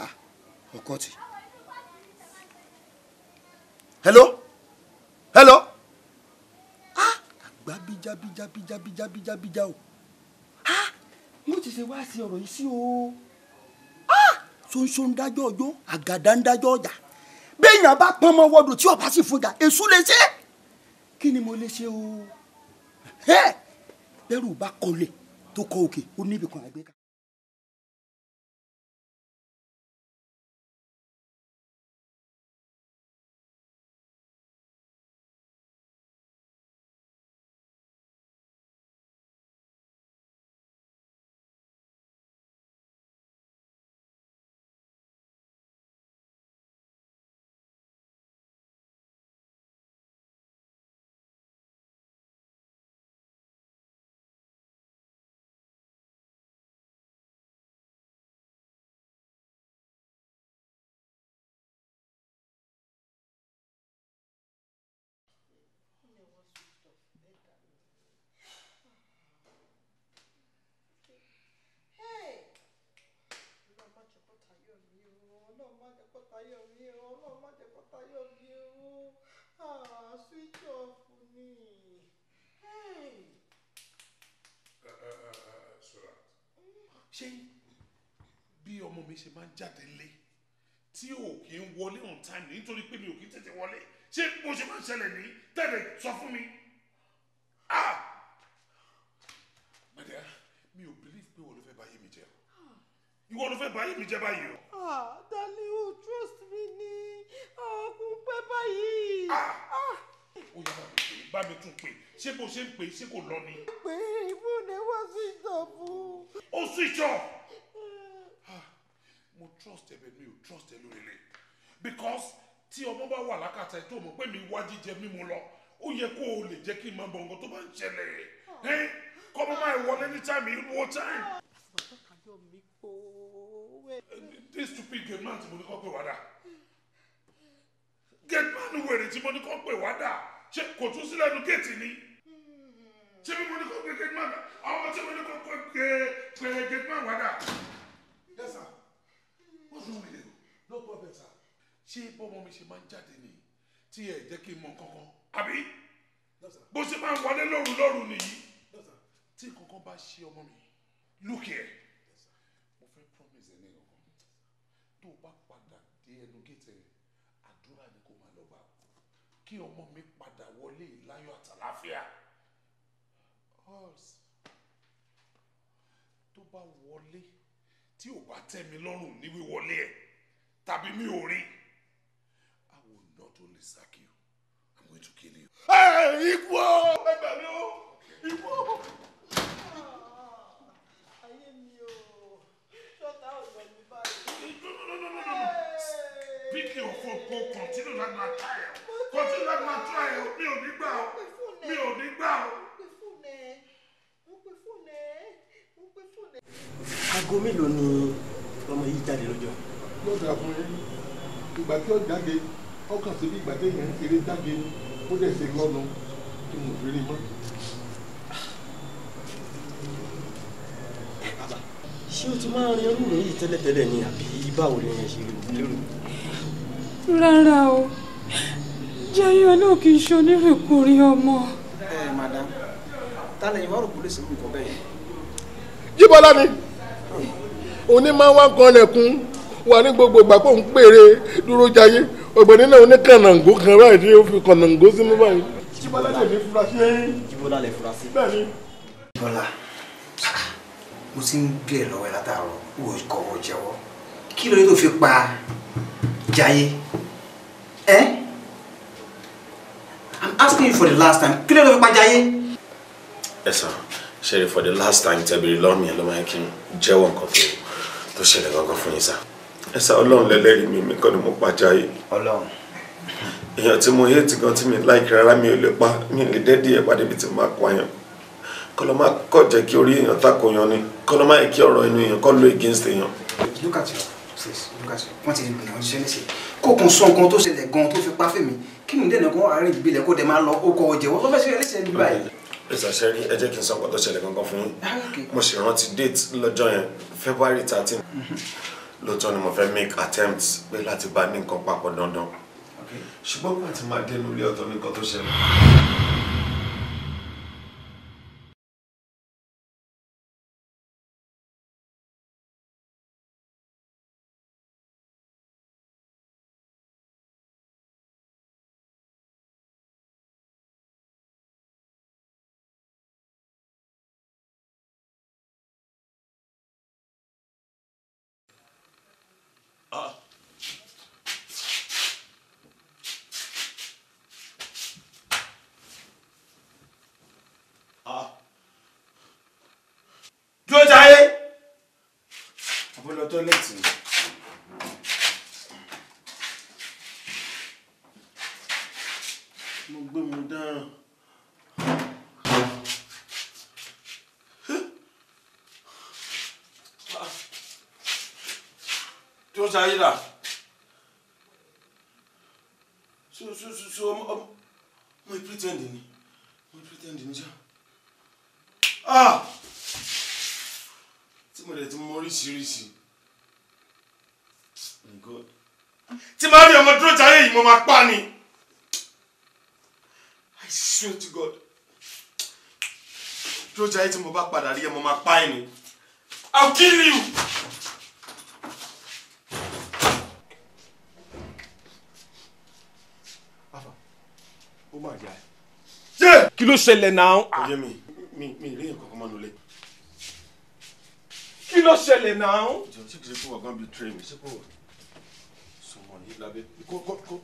Ah. hello hello gbà bíjá bíjá bíjá bíjá bíjá bíjá o mo ti ṣe wá sí ọ̀rọ̀ yìí sí o ṣonṣo ń dájọ́ ọjọ́ àgàdá ń dájọ́ ọjà béèyàn bá pọn ọmọ wọdù tí ọba sì fúnjà èṣù lè ṣe kí ni mo lè ṣe o bẹ́rù bá kọlẹ̀ tó kọ òkè ó níbi kan àgbéká. ṣé bí ọmọ mi ṣe máa ń jáde lé tí ò kì í wọlé on time nítorí pé mi ò kì í tètè wọlé ṣé bó ṣe máa ń ṣẹlẹ̀ ní tẹ̀lé sọ fún mi. ah my dear mi ò believe pé wọ́n ló fẹ́ báyé mi jẹ́ ìwọ ló fẹ́ báyé mi jẹ́ báyìí o. ah dali o oh, trust me ni ọkùn ah, pẹ́ báyìí. Ah! ah ó yá bá mi pè bá mi tún pè ṣé bó ṣe ń pè ṣé kò lọ ni. pé ìbùnẹ̀ wá sí ìtàn fún ó switch off ah, mo trust ẹ bẹ mi ò trust ẹ lórí because ti ọmọ bá wà lákàtà ẹ tó mọ̀ pé mi wá jíjẹ mímu lọ ó yẹ kó o lè jẹ́ kí n máa bọ̀ nǹkan tó bá ń ṣẹlẹ̀ ah. kọ́ mọ́ máa wọlé ní time ìlú wọ́n time. this stupid gate man tí mo ní kọ́ pé wá dà gate man wèrè tí mo ní kọ́ pé wá dà ṣe kò tún sílẹ̀ nu gate ni ṣé yes sir what's wrong with you no problem sir. ṣé bọ́mọ mi ṣe máa ń jáde ni tí ẹ jẹ́ kí n mọ kankan àbí bó ṣe máa ń wọlé lóru lóru nìyí tí kankan bá ṣe ọmọ mi look here mo fẹ́ promise ẹ ní kankan tó o bá padà dé ẹnu gate ẹ àdúrà ni kó máa lọ bá kí ọmọ mi padà wọlé láyọ̀ àtàlàáfíà girls tó bá wọlé tí ò bá tẹ́ mi lọ́rùn ní wíwọlé ẹ̀ tàbí mi ò rí I will not only sack you I'm going to kill you. ẹ ikú ọ ẹgbẹ́ mi ó ikú ọ. ayé mi o ṣọ́ta ọ̀dọ̀ mi báyìí. no no no no no no pick your phone go continue that na trial continue that na trial mi ò ní gbà o mi ò ní gbà o. aago mélòó ni ọmọ yìí jáde lọ́jọ́. lọ́dọ̀ àkùnrin ìgbà tí ó jáde ọkàn síbi ìgbà tí èèyàn ń ṣeré jáde ó dẹ̀ ṣe lọ́nu tí mo fi rí mọ́. ṣé o ti máa rin ọdún yìí tẹ́lẹ̀tẹ́lẹ̀ ni àbí báwo ni ẹ ṣe lérò. rárá o jẹ́yọ́ náà kì í ṣe onírèkùnrin ọmọ. ẹ eh, madam ta lẹ́yìn wàá rò pólísì lórúkọ bẹ́ẹ̀ jíbọ́lá ni òní máa ń wá kan lẹ̀kún wà ní gbogbo ìgbà kó ń pèrè dúró jayé ọ̀gbẹ́ni náà ní kànáńgó kan báyìí tí ó fi kànáńgó sínú báyìí. jíbọ́lá lè ní fura sí ẹyìn. lè fura sí. bẹ́ẹ̀ni. jíbọ́lá mo ti ń bí ẹ lọ́wọ́ ẹ látàárọ̀ wò kọ̀wọ́ jẹ́wọ́ kí lóye tó fi pa jayé ẹ́ I'm asking you for the last time kí lóye tó fi pa jayé. ẹ sọ̀rọ̀ ṣeré for the last time tẹ̀bìrì lọ́mì ẹ̀ ló máa kí n jẹ́wọ́ nǹkan tó tó ṣẹlẹ̀ gangan fún yín sá. ẹ sá ọlọ́run lẹ́lẹ́rìí mi mi kàn ní mo pàjá yìí. ọlọ́run. èèyàn tí mo yé ti gan tí mi láìkí rárá mi ò lè pa mi lè dẹ́dí ẹ̀ padà ibi tí mo máa pa yàn. kọ́lọ́ máa kọ́ jẹ́ kí orí èèyàn tako yan ni kọ́lọ́ máa kí ọ̀rọ̀ inú èèyàn kọ́ ló against èèyàn. look at you please look at you wọ́n ti gbìyànjú ṣẹ́ni kó kàn sọ nǹkan tó ṣẹlẹ̀ gan tó fi pa fèmí kí nìdẹ́nà kan àárín ìgbìlẹ̀ kó dẹ̀ máa ìsàṣẹ rí ẹ jẹ́ kí n sọ nǹkan tó ṣẹlẹ̀ gangan fún yín ah, mo sì rántí date lọ́jọ́ yẹn February thirteen mm-hmm. lóòótọ́ ni mo fẹ́ make attempt pé láti bá ní nǹkan papọ̀ dandan ṣùgbọ́n pàtí máa dénú ilé ọ̀tọ̀ ní nǹkan tó ṣẹlẹ̀. Saira so so so so ọmọ um, ẹ um, pretend ni ọmọ ẹ pretend ni ṣá ah tí mo dẹ̀ ti mọ oríṣiríṣi tí máa rí ọmọ dúró jáde yìí mo máa pa ni I swear to God dúró jáde tí mo bá padà rí ẹ mo máa pa ẹ ni I will kill you. kí ló ṣẹlẹ̀ náà. ọyẹ mi mi mi ìrìn kankan mọ nulẹ. kí ló ṣẹlẹ̀ náà. jọ ṣé kìí ṣe kó wà gán bíi tray mi ṣé kó wà sọmọ yìí lábẹ́ kó kó kó.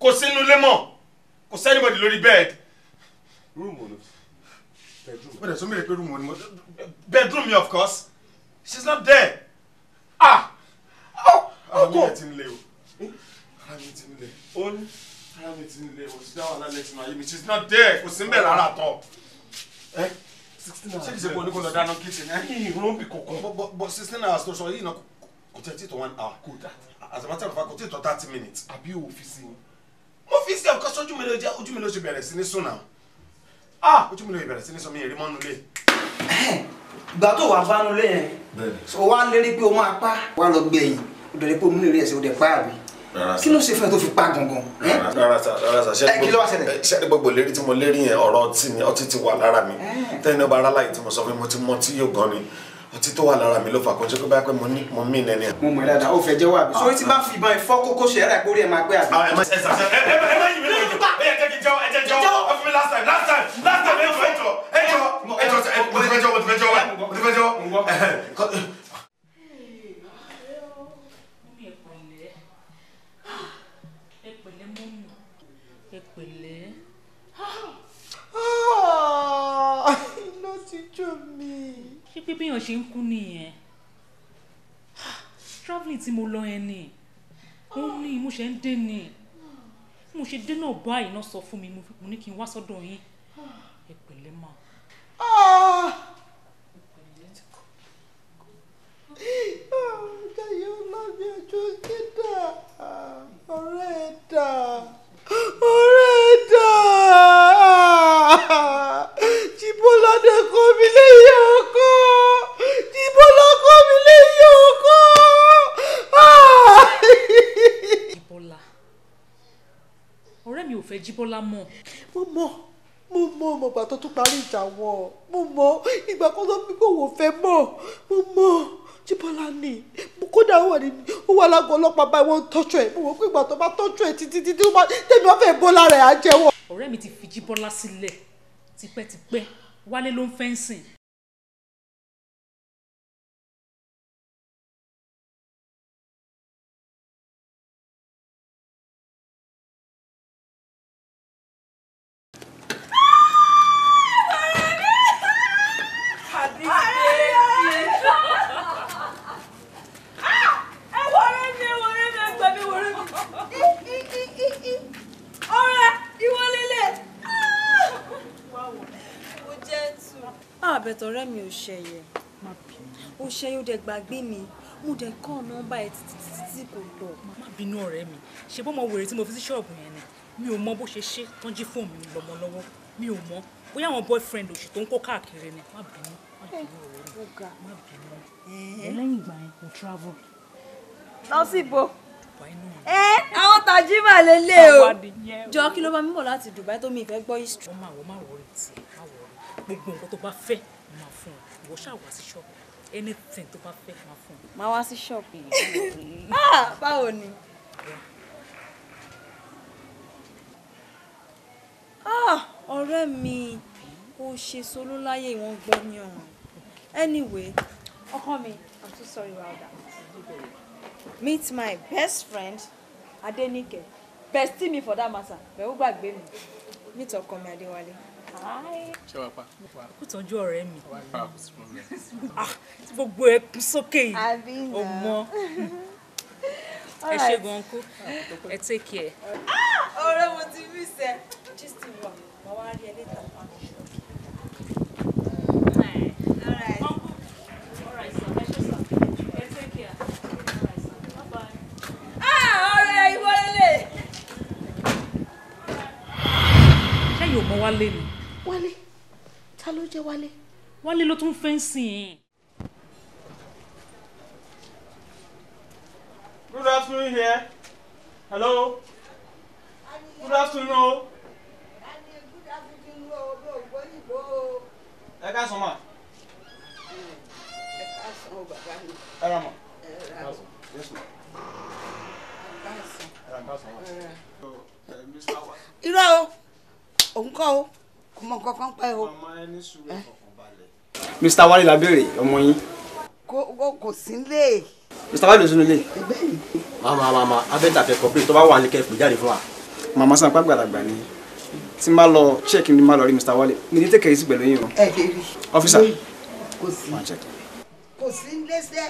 kò sínú ilé mọ́ kò sẹ́ni bọ̀dì lórí bẹ́ẹ̀dì. rúùmù ni bedroom. wọ́n dẹ̀ sọ mi rẹ̀ pé rúùmù ni mo. bedroom mi of course she is not there. ah ọkọ. ara mi ti ń le o ara mi ti ń le. ó ní. Fẹ́mi ti nílé o ti dá wàhálà lẹ́tì máa yé mi she's not there kò sí mbẹ̀ rárá tọ̀. Ẹ ṣé kìí ṣe pé oníkó lọ dáná kitchen ẹ. Ìrún bí kòkó. Bọ̀ sixteen hours ló sọ yìí náà kò tẹ̀ tó one hour. Kò dà. As a matter of fact kò tí tó thirty minutes. Àbí òfìsì ni. Mo fi sí ọ̀kan sójú mi ló jẹ́ ojú mi ló ṣe bẹ̀rẹ̀ sí ní sùn náà. Ah ojú mi ló bẹ̀rẹ̀ sí ní sọ mi ìrí mọ́nu lé. Ìgbà tó wà bánulẹ̀ yẹn. Bẹ́ẹ̀ni. O wá lérí pé o máa pa. Wá lọ gbẹ̀yìn. O dẹ̀ kí ló ṣe fún ẹ tó fi pa gangan. rárá sa rárá sa ṣẹ́ni gbogbo lérí tí mo lérí yẹn ọ̀rọ̀ ọtí ni ọtí ti wà lára mi tẹ́ni ọba aráàlá yìí tí mo sọ fún mi mo ti mọ tí yóò gan ni ọtí tó wà lára mi ló fà kó ṣe pé báyà pé mo ní mo mí nẹni. mo mọ̀ dáadáa ó fẹ́ jẹ́wọ́ àbí. sori ti bá fi ìbọn ìfọ́ kókó ṣe ẹ̀rà ìkórè ẹ̀ máa gbé àbí. ẹ má yí mi lóye ẹ yẹ kí n jẹ́wọ́ ẹ jẹ́ jẹ́wọ́ ẹ fún mi last time last time last time ẹ jọ ẹ jọ ẹ jọ mo ti fẹ́ jọ mo ti fẹ́ jọ mo ti fẹ́ jọ. pípé bí èèyàn ṣe ń kú nìyẹn travelling tí mo lọ yẹn ni ó ní mo ṣe ń dé ni mo ṣe dé náà báyìí náà sọ fún mi mo ní kí n wá sọ́dọ̀ yín ẹ pẹ̀lẹ́ mà. Jayé Ọlámi ọjọ́ ọ̀rẹ́ ẹ̀ dà, ọ̀rẹ́ ẹ̀ dà, Jíbọ́ládé kọ́ mi lẹ́yìn ọkọ̀. ò fẹ́ jíbọ́lá mọ̀. mo mọ mo mọ mo gbà tó tún parí ìjà wọn mo mọ ìgbà kan tó fi gbòòwò fẹ́ mọ̀ mo mọ jíbọ́lá ni kódà ó wà ní ó wà lágọ̀ọ́ ọlọ́pàá báyìí wọ́n ń tọ́jú ẹ̀ mo wọ́n pé ìgbà tó bá tọ́jú ẹ̀ títí títí ó bá tẹ̀mí wọ́n fẹ́ bọ́lá rẹ̀ á jẹ́wọ́. ọ̀rẹ́ mi ti fi jíbọ́lá sílẹ̀ tipẹ́tipẹ́ wálé ló ń fẹ́ ń sìn ṣiṣẹ́ yóò dẹ̀ gbàgbé mi mo dẹ̀ kọ́ nọ́mbà ẹ̀ títí títí kò lọ. má bínú ọ̀rẹ́ mi ṣe bọ́ wèrè tí mo fi sí ṣọ́ọ̀bù yẹn ni mi ò mọ bó ṣe ṣe tán jí fóònù mi lọ́mọ lọ́wọ́ mi ò mọ bóyá àwọn boyfriend òṣì tó ń kó káàkiri ni má bínú má bínú ọ̀rẹ́ mi eh, má bínú. lẹ́yìn ìgbà yẹn travel. ẹ àwọn tajima lélẹ̀ o jọ kí ló bá mi láti Dubai tó mi ìfẹ́ gbọ́ history. wọ́n máa wọ́n máa wọ̀rẹ̀ gbogbo nǹkan tó bá fẹ́ máa fún ọ ìwọ ṣáà sí ṣọ́ọ̀bù anything to bá fẹ́ máa fún un. máa wá sí ṣọ́ọ̀bù yìí. Ah, báwo ni. Ah, ọ̀rẹ́ mi ò ṣe solo láyé ìwọ̀n gbọ́ ní ọ̀run anyway ọkọ mi i'm so sorry about that meet my best friend Adenike bestie me for that matter bẹ̀rù gbàgbé mi meet ọkọ mi Adéwálé ṣé wàá pa. kò tọ́jú ọ̀rẹ́ mi. Ah, tí gbogbo ẹ kún sókè yìí ọmọ ẹ ṣe gan kú ẹ take care. Ah, ọ̀rẹ́ mo ti rí sẹ́ gist wà màá wá rí ẹ ah, létà pa. ṣé yóò jẹ́ wálé. wálé ló tún fẹ́ ń sìn. good afternoon here hello good afternoon o. ẹ ká sọ ma. ẹ ká sọ bàbá mi. ẹ rà mọ. ẹ rà mọ. Uh, irọ́ o òun kọ́ o ọmọ nǹkan kan o. Mr. Eh? Wálé la béèrè ọmọ yín. kò kò sí Mr. Wálé sínú ilé. Mama, mama, abẹ́tà fẹ́ kọ̀pé tó bá wà ní kẹ́ẹ̀pù jáde fún wa. màmá sàn pàgbà àgbà ni tí n bá lọ ṣẹ́ẹ̀kì ni n bá lọ rí Mr. Wálé mi ní tẹ̀kẹ̀ sí pẹ̀lú yín o. ẹ lè rí. ọ́fíìsà kò sí kò sí nílé sẹ́.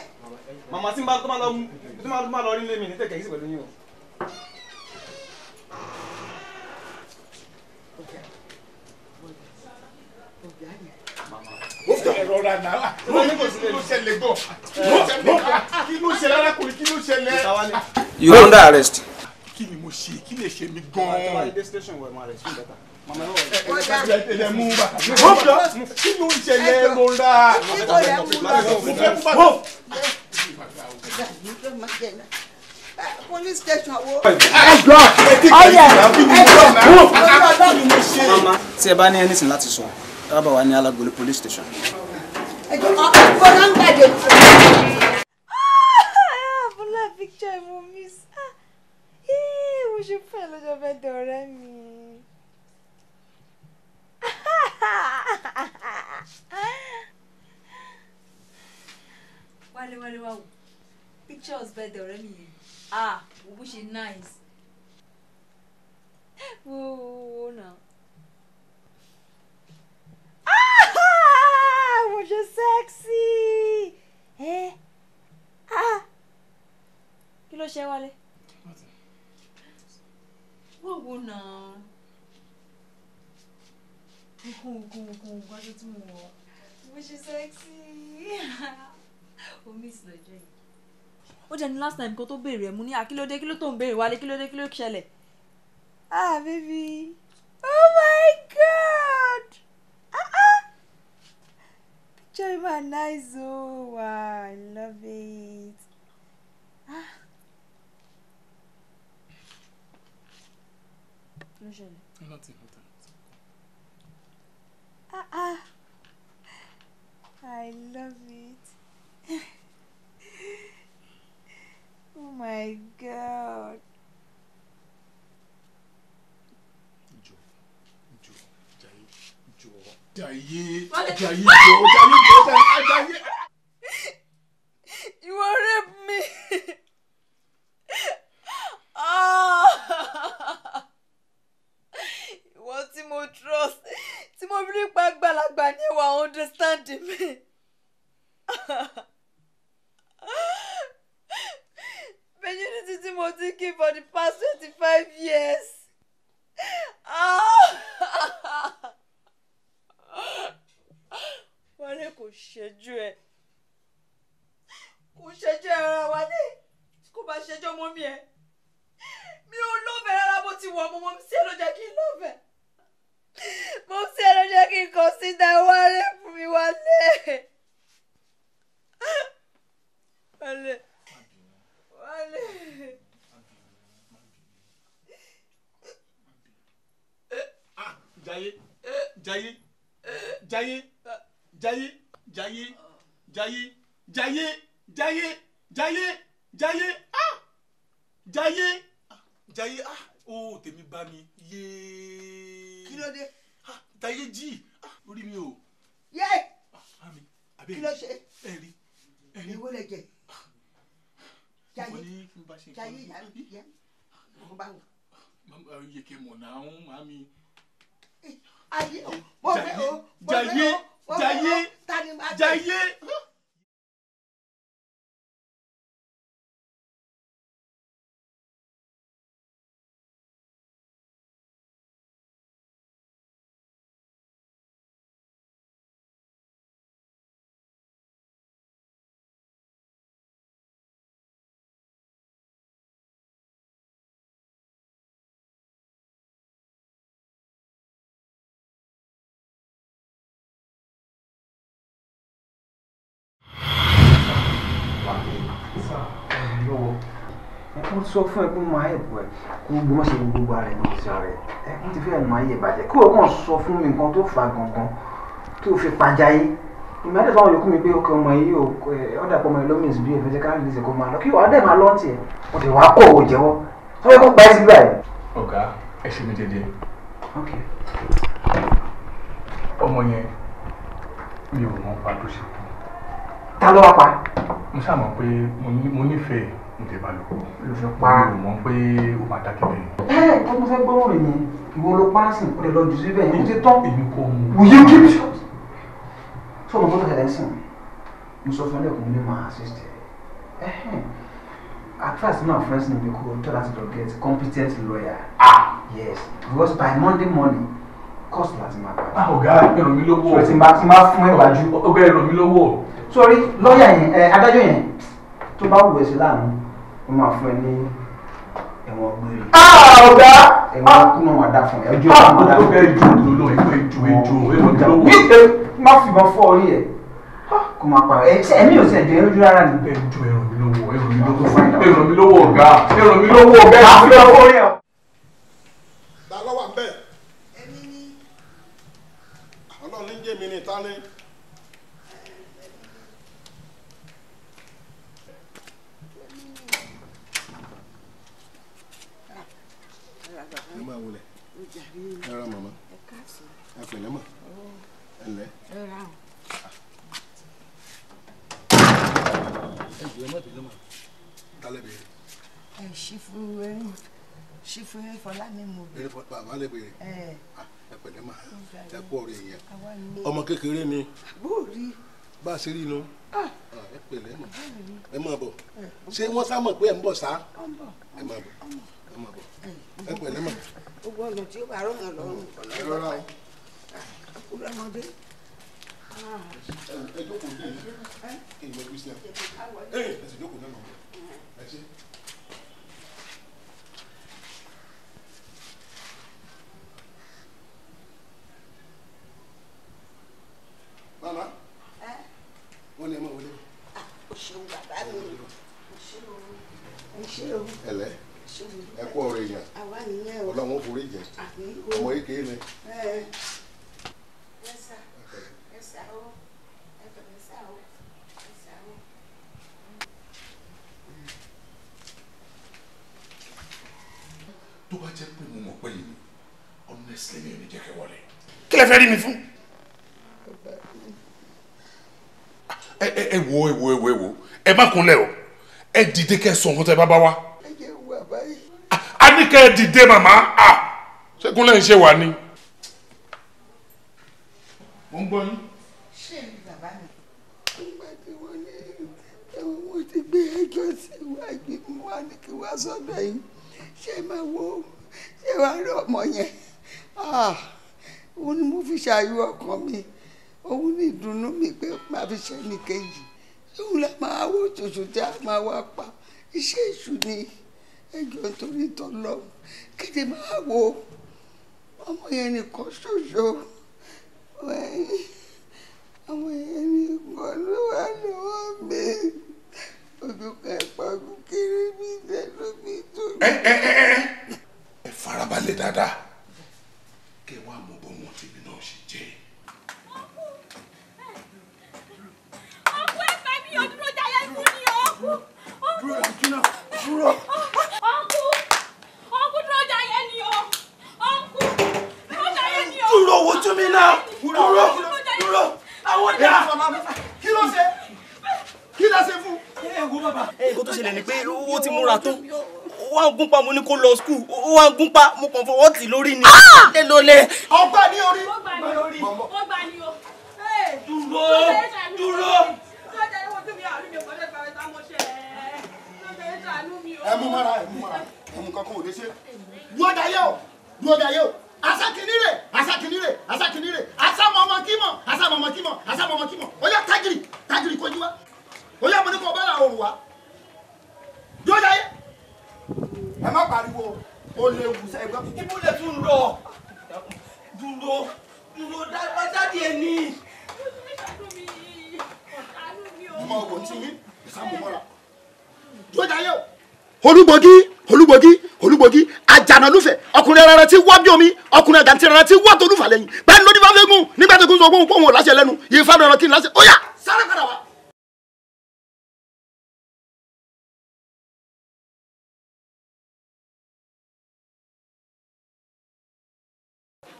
màmá tí n bá tó bá lọ rí mi ní tẹ̀kẹ̀ sí pẹ̀lú yín o. ẹ̀rọra náà kí ló ṣẹlẹ̀ gbọ́ kí ló ṣẹlẹ̀ arákùnrin kí ló ṣẹlẹ̀. you are under arrest. kí ni mo ṣe kí lè ṣe mí gan-an. Ẹ̀jẹ̀ mú bá. Kí ló ń ṣẹlẹ̀ ẹ̀rọra? Mo fẹ́ mú police station ẹ bá ní anything láti sọ rábà wa ní alágolo police station. ẹjọ ọkọ nọ́mbà de tu. abúlé picture mo miss yéé mo ṣe fún ẹ lọ́jọ́ bẹ́ẹ̀ dẹ̀ ọ̀rẹ́ mi. wálé wálé pictures bẹ́ẹ̀ dẹ̀ ah wo bó ṣe nice. wò wò wò náà. mo sexy, sẹ́ẹ̀sì ẹ ah kí ló ṣe wálé. wọ́n wo náà nǹkan nǹkan nǹkan nǹkan aṣọ tí mo wọ̀ mo ṣe sexy. omi ìsìlọ́jọ́ yìí. ó jẹ́ ní last time kan tó béèrè ẹ̀ mú ní àkílódé kí ló tó ń béèrè wálé kí ló dé kí ló ṣẹlẹ̀. ah baby oh my god ah ah. Cherima Naizo. Wow, I love it. Ah. Hm, ah, ah ah. I love it. oh my god. Joe, Joe, Joe. jàyé jàyé jọ jàyé jọ jàyé. You will rape me. Ìwọ tí mo trust tí mo rí pa gbàlagbà ní ìwà understand mi. Been using mo ti keep for the past twenty five years. Ah! wálé kò ṣẹjú ẹ kò ṣẹjú ẹ rárá wálé tí kò bá ṣẹjú ọmọ mi ẹ mi ò lọ́bẹ̀ rárá bó ti wọ̀ ọmọ mọ́ mi sí ẹ ló jẹ́ kí n lọ́bẹ̀ mo sí ẹ ló jẹ́ kí n kàn sí dá wálé fún mi wálé. wálé wálé. Jaiye ah, Jaiye. Eh, Jayé Jayé Jayé Jayé Jayé Jayé Jayé Jayé ah Jayé Jayé ah ó tèmi bá mi yéé. Kí ló dé? Ah, Jayé jí ah, orí mi o. Yé! Ah, kí ló ṣe? Ẹ̀rí. Èwo lè jẹ? Jayé Jayé yá yá. Mo bá wù. Yèké mọ̀ náà ń máa mi ayé mo fẹ́ o mo o mo o tani ma fẹ́. mo sọ fún ẹ pé mo máa yẹ bọ ẹ kó gbogbo má ṣe gbogbo ara ẹ ní ìsìn rẹ ẹ mo ti fẹ́ ẹ máa yẹ bàjẹ́ kí òun sọ fún mi nǹkan tó fà gangan tó fi pàjá yé ìmọ̀ àdéhùn àwọn yòókù mi pé ọkọ ọmọ yìí ọ̀dà pọ̀ ọmọ yìí lómìnir bí ẹ̀fẹ̀ jẹ́ ká lè ṣe kó máa lọ kí wàá dẹ̀ máa lọ́ tiẹ̀ wọ́n ti wàá kọ̀ ò jẹ́wọ́ wọ́n yẹ kó gba ẹ sí báyìí. ọ̀gá ẹ ṣe mi dédé ọmọ yẹn mi ò mọ̀ pa tó ṣe kú. ta ló wá pa. mo ṣàmọ̀ pé mo nífẹ̀ẹ́ ǹjẹ́ bá lọ ló fi pa mi ò mọ̀ pé ó máa dákẹ́ bẹ́ẹ̀. ẹ ẹ kó tó fẹ́ gbọ́rọ̀ rẹ̀ yẹn ìwọ ló pa á sìn ó lè lọ jù síbẹ̀ ó ti tán. èmi kò mú un. will you keep short. sọ ma bọ́dọ̀ kẹlẹ́ sìn mo sọ fún ẹ lẹ́kùn nílé máa assist ẹ at first now friends ni kò tell her to get competent lawyer. ah yes because by monday morning cost láti máa gbà. ah ọ̀gá ẹ̀rọ mi lówó. sọ̀rọ̀ tí n bá fún ẹ̀ wájú. ọ̀gá ẹ̀rọ mi lówó. sórí lọ́ọ̀yà yẹn adájọ́ yẹn tó bá wù ẹ́ sí láàánú wọ́n máa fún ẹ ní ẹ̀wọ̀n gbére. Ah, ọ̀gá ẹ̀wọ̀n ah. kú náà máa dá fún ẹ ọjọ́ ìwọ̀n ah, máa dá fún ẹ. ọ̀gá ẹjọ́ ló lọ ẹjọ́ ẹjọ́ ẹjọ́ ẹjọ́ ẹjọ́ lọ́wọ́. wípé má fi máa fọ orí ẹ kó máa pa ẹ ṣe ẹmí ò sì ẹjọ́ ẹjọ́ rárá ni. ẹjọ́ ẹràn mi lọ́wọ́ ẹràn mi lọ́wọ́ ẹràn mi lọ́wọ́ ọ̀gá ẹràn mi lọ́wọ́ ọ̀gá ẹ fi máa fọ orí ẹ. ta ló wà bẹ́ẹ̀ ọlọ́run ń jẹ́ mi ní ìtálẹ́ ẹ máa wọlé ẹ ra màmá ẹ pẹ̀lẹ́ mọ̀ ẹ lẹ́. ẹ jẹ́ mọ́ bí lọ́mọ tálẹ̀ bèrè. ẹ ṣí fún ẹni ṣí fún ẹni fọlá mi mú. ẹni fọlá bàbá lè bèrè ah, ẹ pẹ̀lẹ́ mọ̀ ẹ kú ọ̀rọ̀ èèyàn ọmọ kékeré ni bá a ṣe rí inú ah. Ah, ẹ pẹ̀lẹ́ mọ̀ ẹ máa bọ̀ ṣé wọ́n sá mọ̀ pé ẹ ń bọ̀ sá ẹ máa bọ̀ máa bọ̀ ẹ pẹ̀lẹ́ mà. o. àkúrẹ́ ọmọdé. ẹ jókòó ní ìlú kí n lọ bí sí ẹ ẹ sì jókòó náà Mama. Ẹ. Eh? Wọ́n ní Ah, o ṣeun bàbá O ṣeun. O ṣeun. Ẹlẹ́ ẹ kú ọ̀rọ̀ èèyàn ọlọ́run ó forí jẹ ọmọ ike ni. tó bá jẹ́ pé mo mọ̀ pé yìí honestly mi ò ní jẹ́ kẹ́ wọlé kí lẹ fẹ́ rí mi fún. ẹ wo ẹ wo ẹ wo ẹ má kúnlẹ̀ o ẹ dìde kẹ́ sọ nǹkan tẹ́ bá bá wa kẹ́ ẹ dìde màmá à ṣẹ́gun lẹ́yìn ṣe wà ni. mo ń gbọ́ yín. ṣé èmi bàbá mi. nígbà tí wọ́n ní ẹ̀wọ̀n mo ti gbé ẹjọ́ sí iwájú mo wá ní kí wá sọ́dọ̀ yìí ṣé máa wo ṣé wàá rí ọmọ yẹn òun ni mo fi ṣàyọ̀ ọkàn mi òun ni ìdùnnú mi pé màá fi ṣẹ́ni kejì òun la máa wo ṣoṣo tí a máa wá pa iṣẹ́ ìṣù ni ẹjọ́ nítorí ìtọ́lọ́ kéde máa wo ọmọ yẹn nìkan ṣoṣo ọmọ yẹn nìkan ló wà lọ́wọ́ mi ojúkà ìpàgùn kiri mi lẹ́nu mi tó. ẹ ẹ ẹ ẹ farabalẹ̀ dáadáa kí ẹ mọ bọ́ wọn tèmi náà ṣe jẹ́. ọkú ẹ̀fẹ̀ mi ò dúró jayé fún mi ọkú. dúró dúró wojú mi náà dúró dúró àwọn dá kí ló ṣe kí ló ṣe fún. kó tó ṣẹlẹ̀ ni pé owó ti múra tó wá ń gúnpa mo ní kó lọ skul ó wá ń gúnpa mo kàn fọwọ́ tì lórí ni. lè lo lè. ọgbà ní orí. ọgbà ní orí. ọgbà ní o. dúró dúró. ẹ mú mara ẹ mú mara ẹ mú kankan ò ṣe. dúró dayé o dúró dayé o asa kinire asa kinire asa kinire asa mọmọ kímọ asa mọmọ kímọ asa mọmọ kímọ oya tajiri tajiri kojú oya mo ní kó bá òru wa yóò dá yé ẹ má pariwo o lè wù sẹ gbọ́. ibo lè tún lọ dúró dúró dáadáa díẹ̀ ní. mo mọ ògùn tí yín ìsàmùmọ́ra yóò dá yé o. olúbogi gantirara ti wá bí omi ọkùnrin gantirara ti wá tolúfà lẹ́yìn bẹ́ẹ̀ ló ní bá fẹ́ gùn nígbà tó kún sọ fún òun láṣẹ lẹ́nu yìí fáwọn ẹran kí n láṣẹ ó yà sáré padà wá.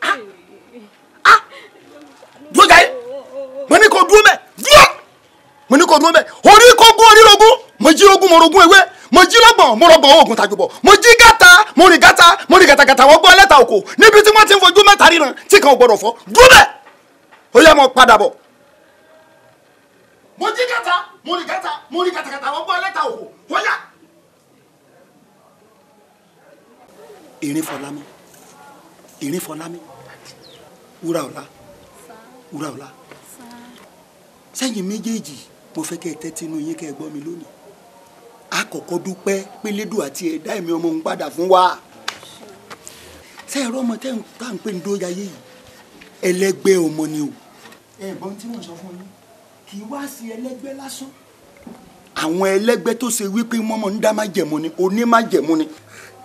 Ah, ah, dúró jáde mo ní kò dúró mẹ dúró mo ní kò dúró mẹ ó mo jí ogún mo rogún ewé mo jí lọ́gbọ̀n mo rọgbọ̀n oògùn tàjùbọ̀ mo jí gàtà mo rìn gàtà mo rìn gàtàgàtà wọ́n gbọ́ lẹ́ta òkò níbi tí wọ́n ti ń fojú mẹ́ta ríran tí kan ò gbọ́dọ̀ fọ́ ó yẹ mo padà bọ̀. mo jí gàtà mo rìn gàtà mo rìn gàtàgàtà wọ́n gbọ́ lẹ́ta òkò wọ́n ìrìn fọlámi ìrìn fọlámi wúrà ọ̀la wúrà ọ̀la sẹ́yìn méjèèjì mo fẹ́ kẹ́ ẹ tẹ́tí inú yín kẹ́ ẹ gbọ́ mi lónìí a kọ́kọ́ dúpẹ́ pélédùn àti ẹ̀dá ẹ̀mí ọmọ òun padà fún wa sẹ́yìn ọmọ tẹ́ ń tá à ń pè ní dóyà yé yìí ẹlẹ́gbẹ́ ọmọ ni o. ẹ̀gbọ́n tí wọ́n sọ fún yín kì í wá sí ẹlẹ́gbẹ́ lásán. àwọn ẹlẹ́gbẹ́ tó ṣe wípé wọ́n mọ̀ ń dá májẹ̀mú ni oní májẹ̀mú ni.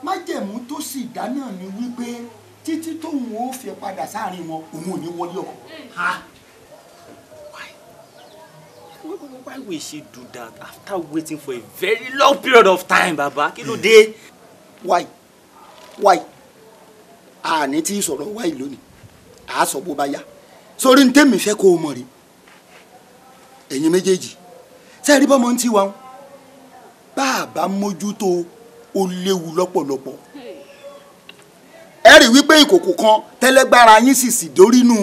májẹ̀mú tó sì dá náà ni wípé títí tóun ó fi padà sáàrin wọn òun ò ní wọlé ọkọ why will she do that after waiting for a very long period of time baba kí ló dé. why why àní tí sọ̀rọ̀ why lónìí àá sọ bó bá yá sórí ní tèmi fẹ́ kó o mọ̀ rí ẹ̀yin méjèèjì sẹ́ẹ̀rí bọ́mọ ń tiwa bá a bá mójútó ó léwu lọ́pọ̀lọpọ̀ ẹ rí wípé ìkòkò kan tẹ́lẹ́gbára yín sì sì dórínú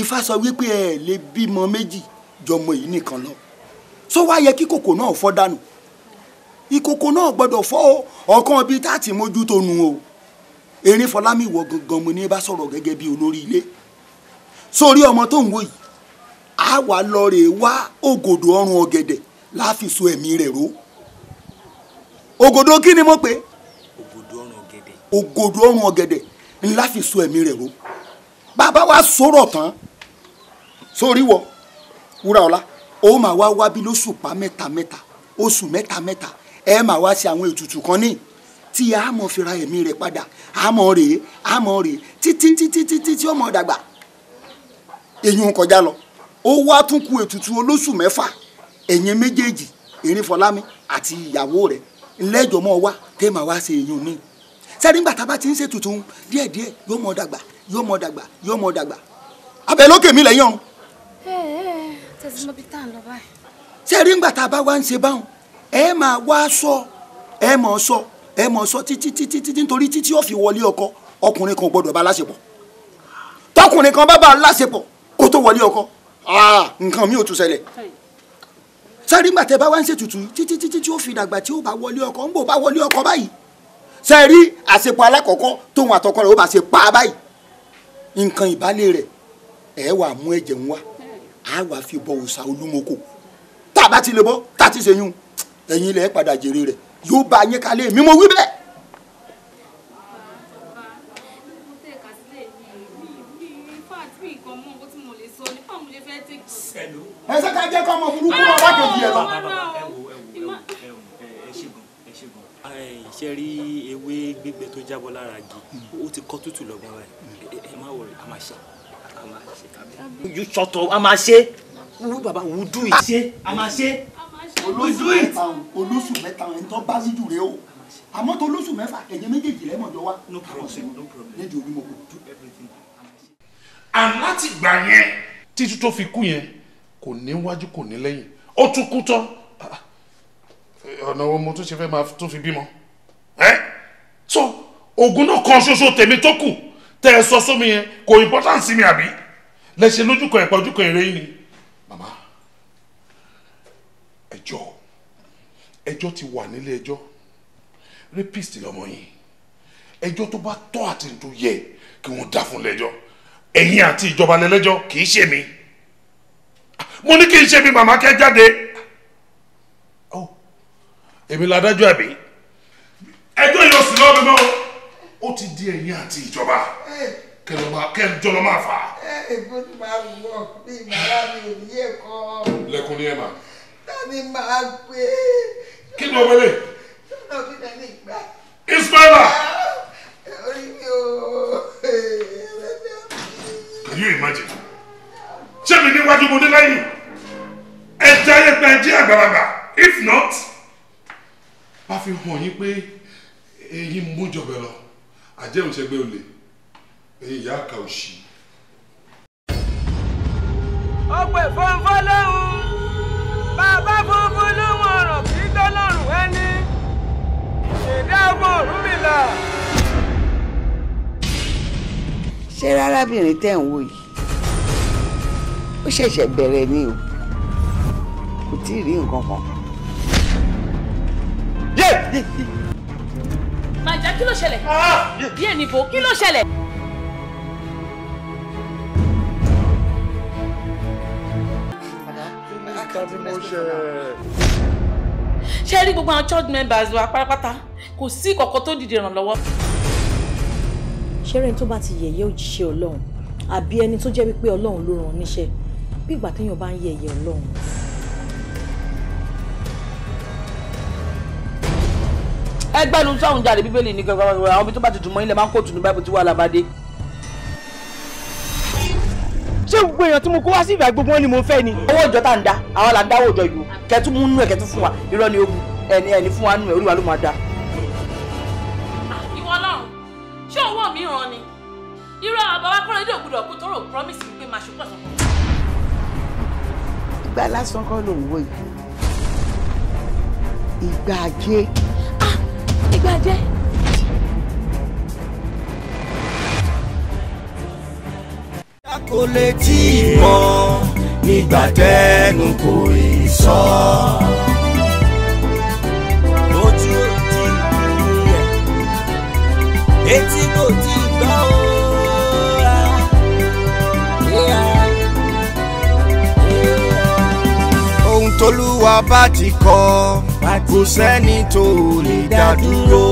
ifá sọ wípé ẹ lè bímọ méjì jọmọ yìí nìkan lọ sọ wá yẹ kí kòkò náà fọ́ dànù ìkòkò náà gbọ́dọ̀ fọ́ ọ̀kan bíi tá a nu o erin fọlámi wọ gangan mo ní bá sọ̀rọ̀ gẹ́gẹ́ bíi olórí ilé sórí ọmọ tó ń wò yìí á wà lọ rè wá ògòdò ọrùn ọ̀gẹ̀dẹ̀ láàfin so ẹ̀mí rẹ̀ ró ògòdò kí ni mo pè ògòdò ọrùn ọ̀gẹ̀dẹ̀ ńlá fi so ẹ̀mí rẹ̀ bàbá wa sọ̀rọ̀ tán sórí wọ wúràọlá ó máa wá wábí lóṣùpá mẹ́ta mẹ́ta oṣù mẹ́ta mẹ́ta ẹ máa wá ṣe àwọn ètùtù kan ní tí a mọ̀ fira ra ẹ̀mí rẹ̀ padà a mọ̀ rèé a mọ̀ rèé títí títí títí tí ọmọ dàgbà èyí ń kọjá lọ ó wá tún ku ètùtù olóṣù mẹ́fà ẹ̀yin méjèèjì Erinfọlámi àti ìyàwó rẹ̀ ńlẹ́jọ́ mọ́ wá tẹ́ máa wá ṣe èyí ní sẹ́ni gbàtà bá ti ń ṣètùtù díẹ̀díẹ̀ yóò mọ̀ dàgbà yóò mọ̀ dàgbà yóò mọ̀ dàgbà abẹ lókè mi lẹ́yìn ọ̀run. tẹsí mọ bí tá à ń lọ báyìí. sẹ́rí ńgbà tá a bá wá ń ṣe báwọn ẹ máa wá sọ ẹ mọ̀ sọ ẹ mọ̀ sọ títí títí títí nítorí títí ó fi wọlé ọkọ ọkùnrin kan gbọdọ̀ bá láṣepọ̀ tọkùnrin kan bá bá láṣepọ̀ kó tó wọlé ọkọ ah, nǹkan mi ò tún ṣẹlẹ̀ sẹ́rí ńgbà tẹ́ bá wá ń ṣètùtù títí títí tí ó fi dàgbà tí ó bá wọlé ọkọ ń bò bá wọlé ọkọ báyìí sẹ́rí àṣepọ̀ alákọ̀ọ́kọ́ tóun àtọkọ rẹ̀ ó bá ṣe pa báyìí nǹkan ìbálẹ̀ rẹ̀ ẹ̀ wà mú ẹ̀jẹ̀ ń wá a wá fi bọ òòṣà olúmọkò tá a bá ti lè bọ tá a ti ṣe yún ẹ̀yin ilẹ̀ padà jèrè rẹ̀ yóò bá yín kalẹ̀ mi mo wí bẹ́ẹ̀. ẹ ṣe ká jẹ́ kọ́ ọmọ burúkú ọba kejì ẹ̀ bá ṣe rí ewé gbígbẹ tó jábọ́ lára igi ó ti kọ́ tútù lọ́gbọ́n báyìí ẹ má wọrí a máa ṣe you shut up a máa ṣe wú bàbá wú dùn yìí. ṣe a máa ṣe. olóṣù mẹ́ta olóṣù mẹ́ta ẹ̀ ń tọ́ bá sí jù rẹ o àmọ́ tó olóṣù mẹ́fà ẹ̀jẹ̀ méjèèjì lẹ́mọ̀jọ wa. no problem no problem. lẹ́jọ onímọ̀ kò do everything. and láti gbà yẹn. títí tó fi kú yẹn kò níwájú kò ní lẹ́yìn ó tún kú tán ọ̀nà wo mo tún ṣe fẹ́ máa tún fi bímọ. so oògùn náà kan ṣoṣo tèmi tó kù tẹ ẹ sọ sómi yẹn kò important sí mi àbí lẹ́sẹ̀ lójúkọ ẹ̀pà ojúkọ èrè yìí ni. màmá ẹjọ́ ẹjọ́ ti wà nílé ẹjọ́ rapist lọmọ yìí ẹjọ́ tó bá tọ́ àti tó yẹ kí wọ́n dá fún lẹ́jọ́ ẹ̀yin àti ìjọba lẹ́lẹ́jọ́ kì í ṣe mi mo ní kí n ṣe mi màmá kẹ́ jáde ọ oh, èmi ládájọ́ àbí ẹjọ́ yóò sì lọ́ọ́ mi mọ́ ó ti di ẹ̀yin àti ìjọba. Hey kẹjọ lọ máa fà ẹ ìbò ni màá bí màá mi ò ní ẹ̀kọ́. lẹkùn ni ẹ mà. tani màá gbé. kí ni ọmọ ilé. mi nà ní ìgbà. ismaila. orí mi ò. can you imagine. ṣé mi níwájú mo dé lẹ́yìn. ẹ jẹ́ ayé pé ẹ jẹ́ àgbàlagbà if not. wá fi hàn yín pé eyín mú jọbẹ lọ àjẹmùsẹgbẹ olè ẹ̀yin ìyá àkà òṣì. ọ̀pẹ̀ fọ́nfọ́n lóhùn bàbá funfun lóhùn ọ̀rọ̀ kì í tọ́lọ́rùn ẹni ìṣẹ̀dá ọmọ Ọ̀rúnmìlà. ṣé rárábìnrin tẹ̀ ń wò yìí ó ṣẹ̀ṣẹ̀ bẹ̀rẹ̀ ni o kò tí ì rí nǹkan kan. màjá kí ló ṣẹlẹ̀? Ah! bí ẹni bò kí ló ṣẹlẹ̀? Sherry, mo ṣe. ṣé rí gbogbo àwọn church members wa pátápátá kò sí ìkọ̀kọ̀ tó dìde ìrànlọ́wọ́. ṣẹ́rẹ́ tó bá ti yẹ̀yẹ́ òjíṣẹ́ ọlọ́run àbí ẹni tó jẹ́ wípé ọlọ́run ló ràn níṣẹ́ bí ìgbà téèyàn bá ń yẹ̀yẹ́ ọlọ́run. ẹgbẹ́ nu sọ̀hún jáde bíbélì ní gbogbo àwọn ibi tó bá ti dùn mọ́ ilẹ̀ máa ń kó tùnú báyìí tí wàhálà bá ṣé gbogbo èèyàn tí mo kó wá sí ìgbà gbogbo wọn ni mo fẹ́ ni. owó ìjọ tá à ń da àwọn là ń dáwọ́ ìjọ yìí o kẹtù mú nú ẹ kẹtù fún wa irọ́ ni ogun ẹni ẹni fún wa nú ẹ olúwa ló máa da. ìwọ Ọlọ́run ṣé owó mi ràn ni irọ́ àbáwá kọ́ra ilé ògùdọ̀ kú tọrọ promise pé máa ṣe pọ̀sán. ìgbà lásán kọ́ ló ń wo ìgbà ajé. Ah, ìgbà ajé. a kò lè tí ì mọ nígbà tẹnu kò ì sọ. ojú ò tí ì rí ẹ̀ etí kò tí ì gbọ́ ò. ohun tolúwa bá ti kọ kò sẹ́ni tó lè dá dúró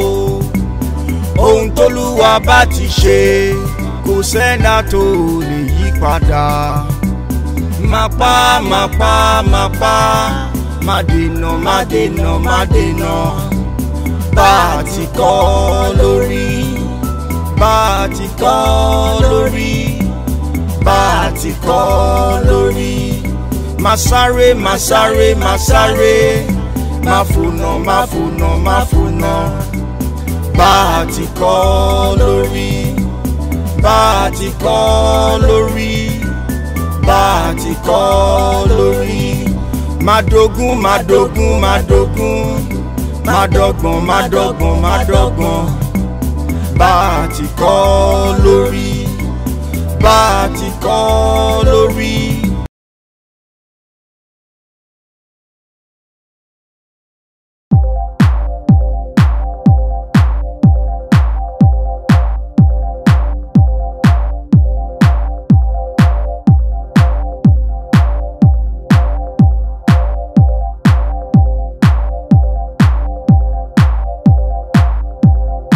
ohun tolúwa bá ti ṣe kò sẹ́dá tó lè yí padà. Màpá màpá màpá má dènà má dènà má dènà bá a ti kọ́ lórí bá a ti kọ́ lórí bá a ti kọ́ lórí má sáré má sáré má sáré má fònà má fònà má fònà bá a ti kọ́ lórí bá a ti kọ́ lórí bá a ti kọ́ lórí madogun madogun madogun madọ́gbọ̀n madọ́gbọ̀n madọ́gbọ̀n bá a ti kọ́ lórí bá a ti kọ́ lórí.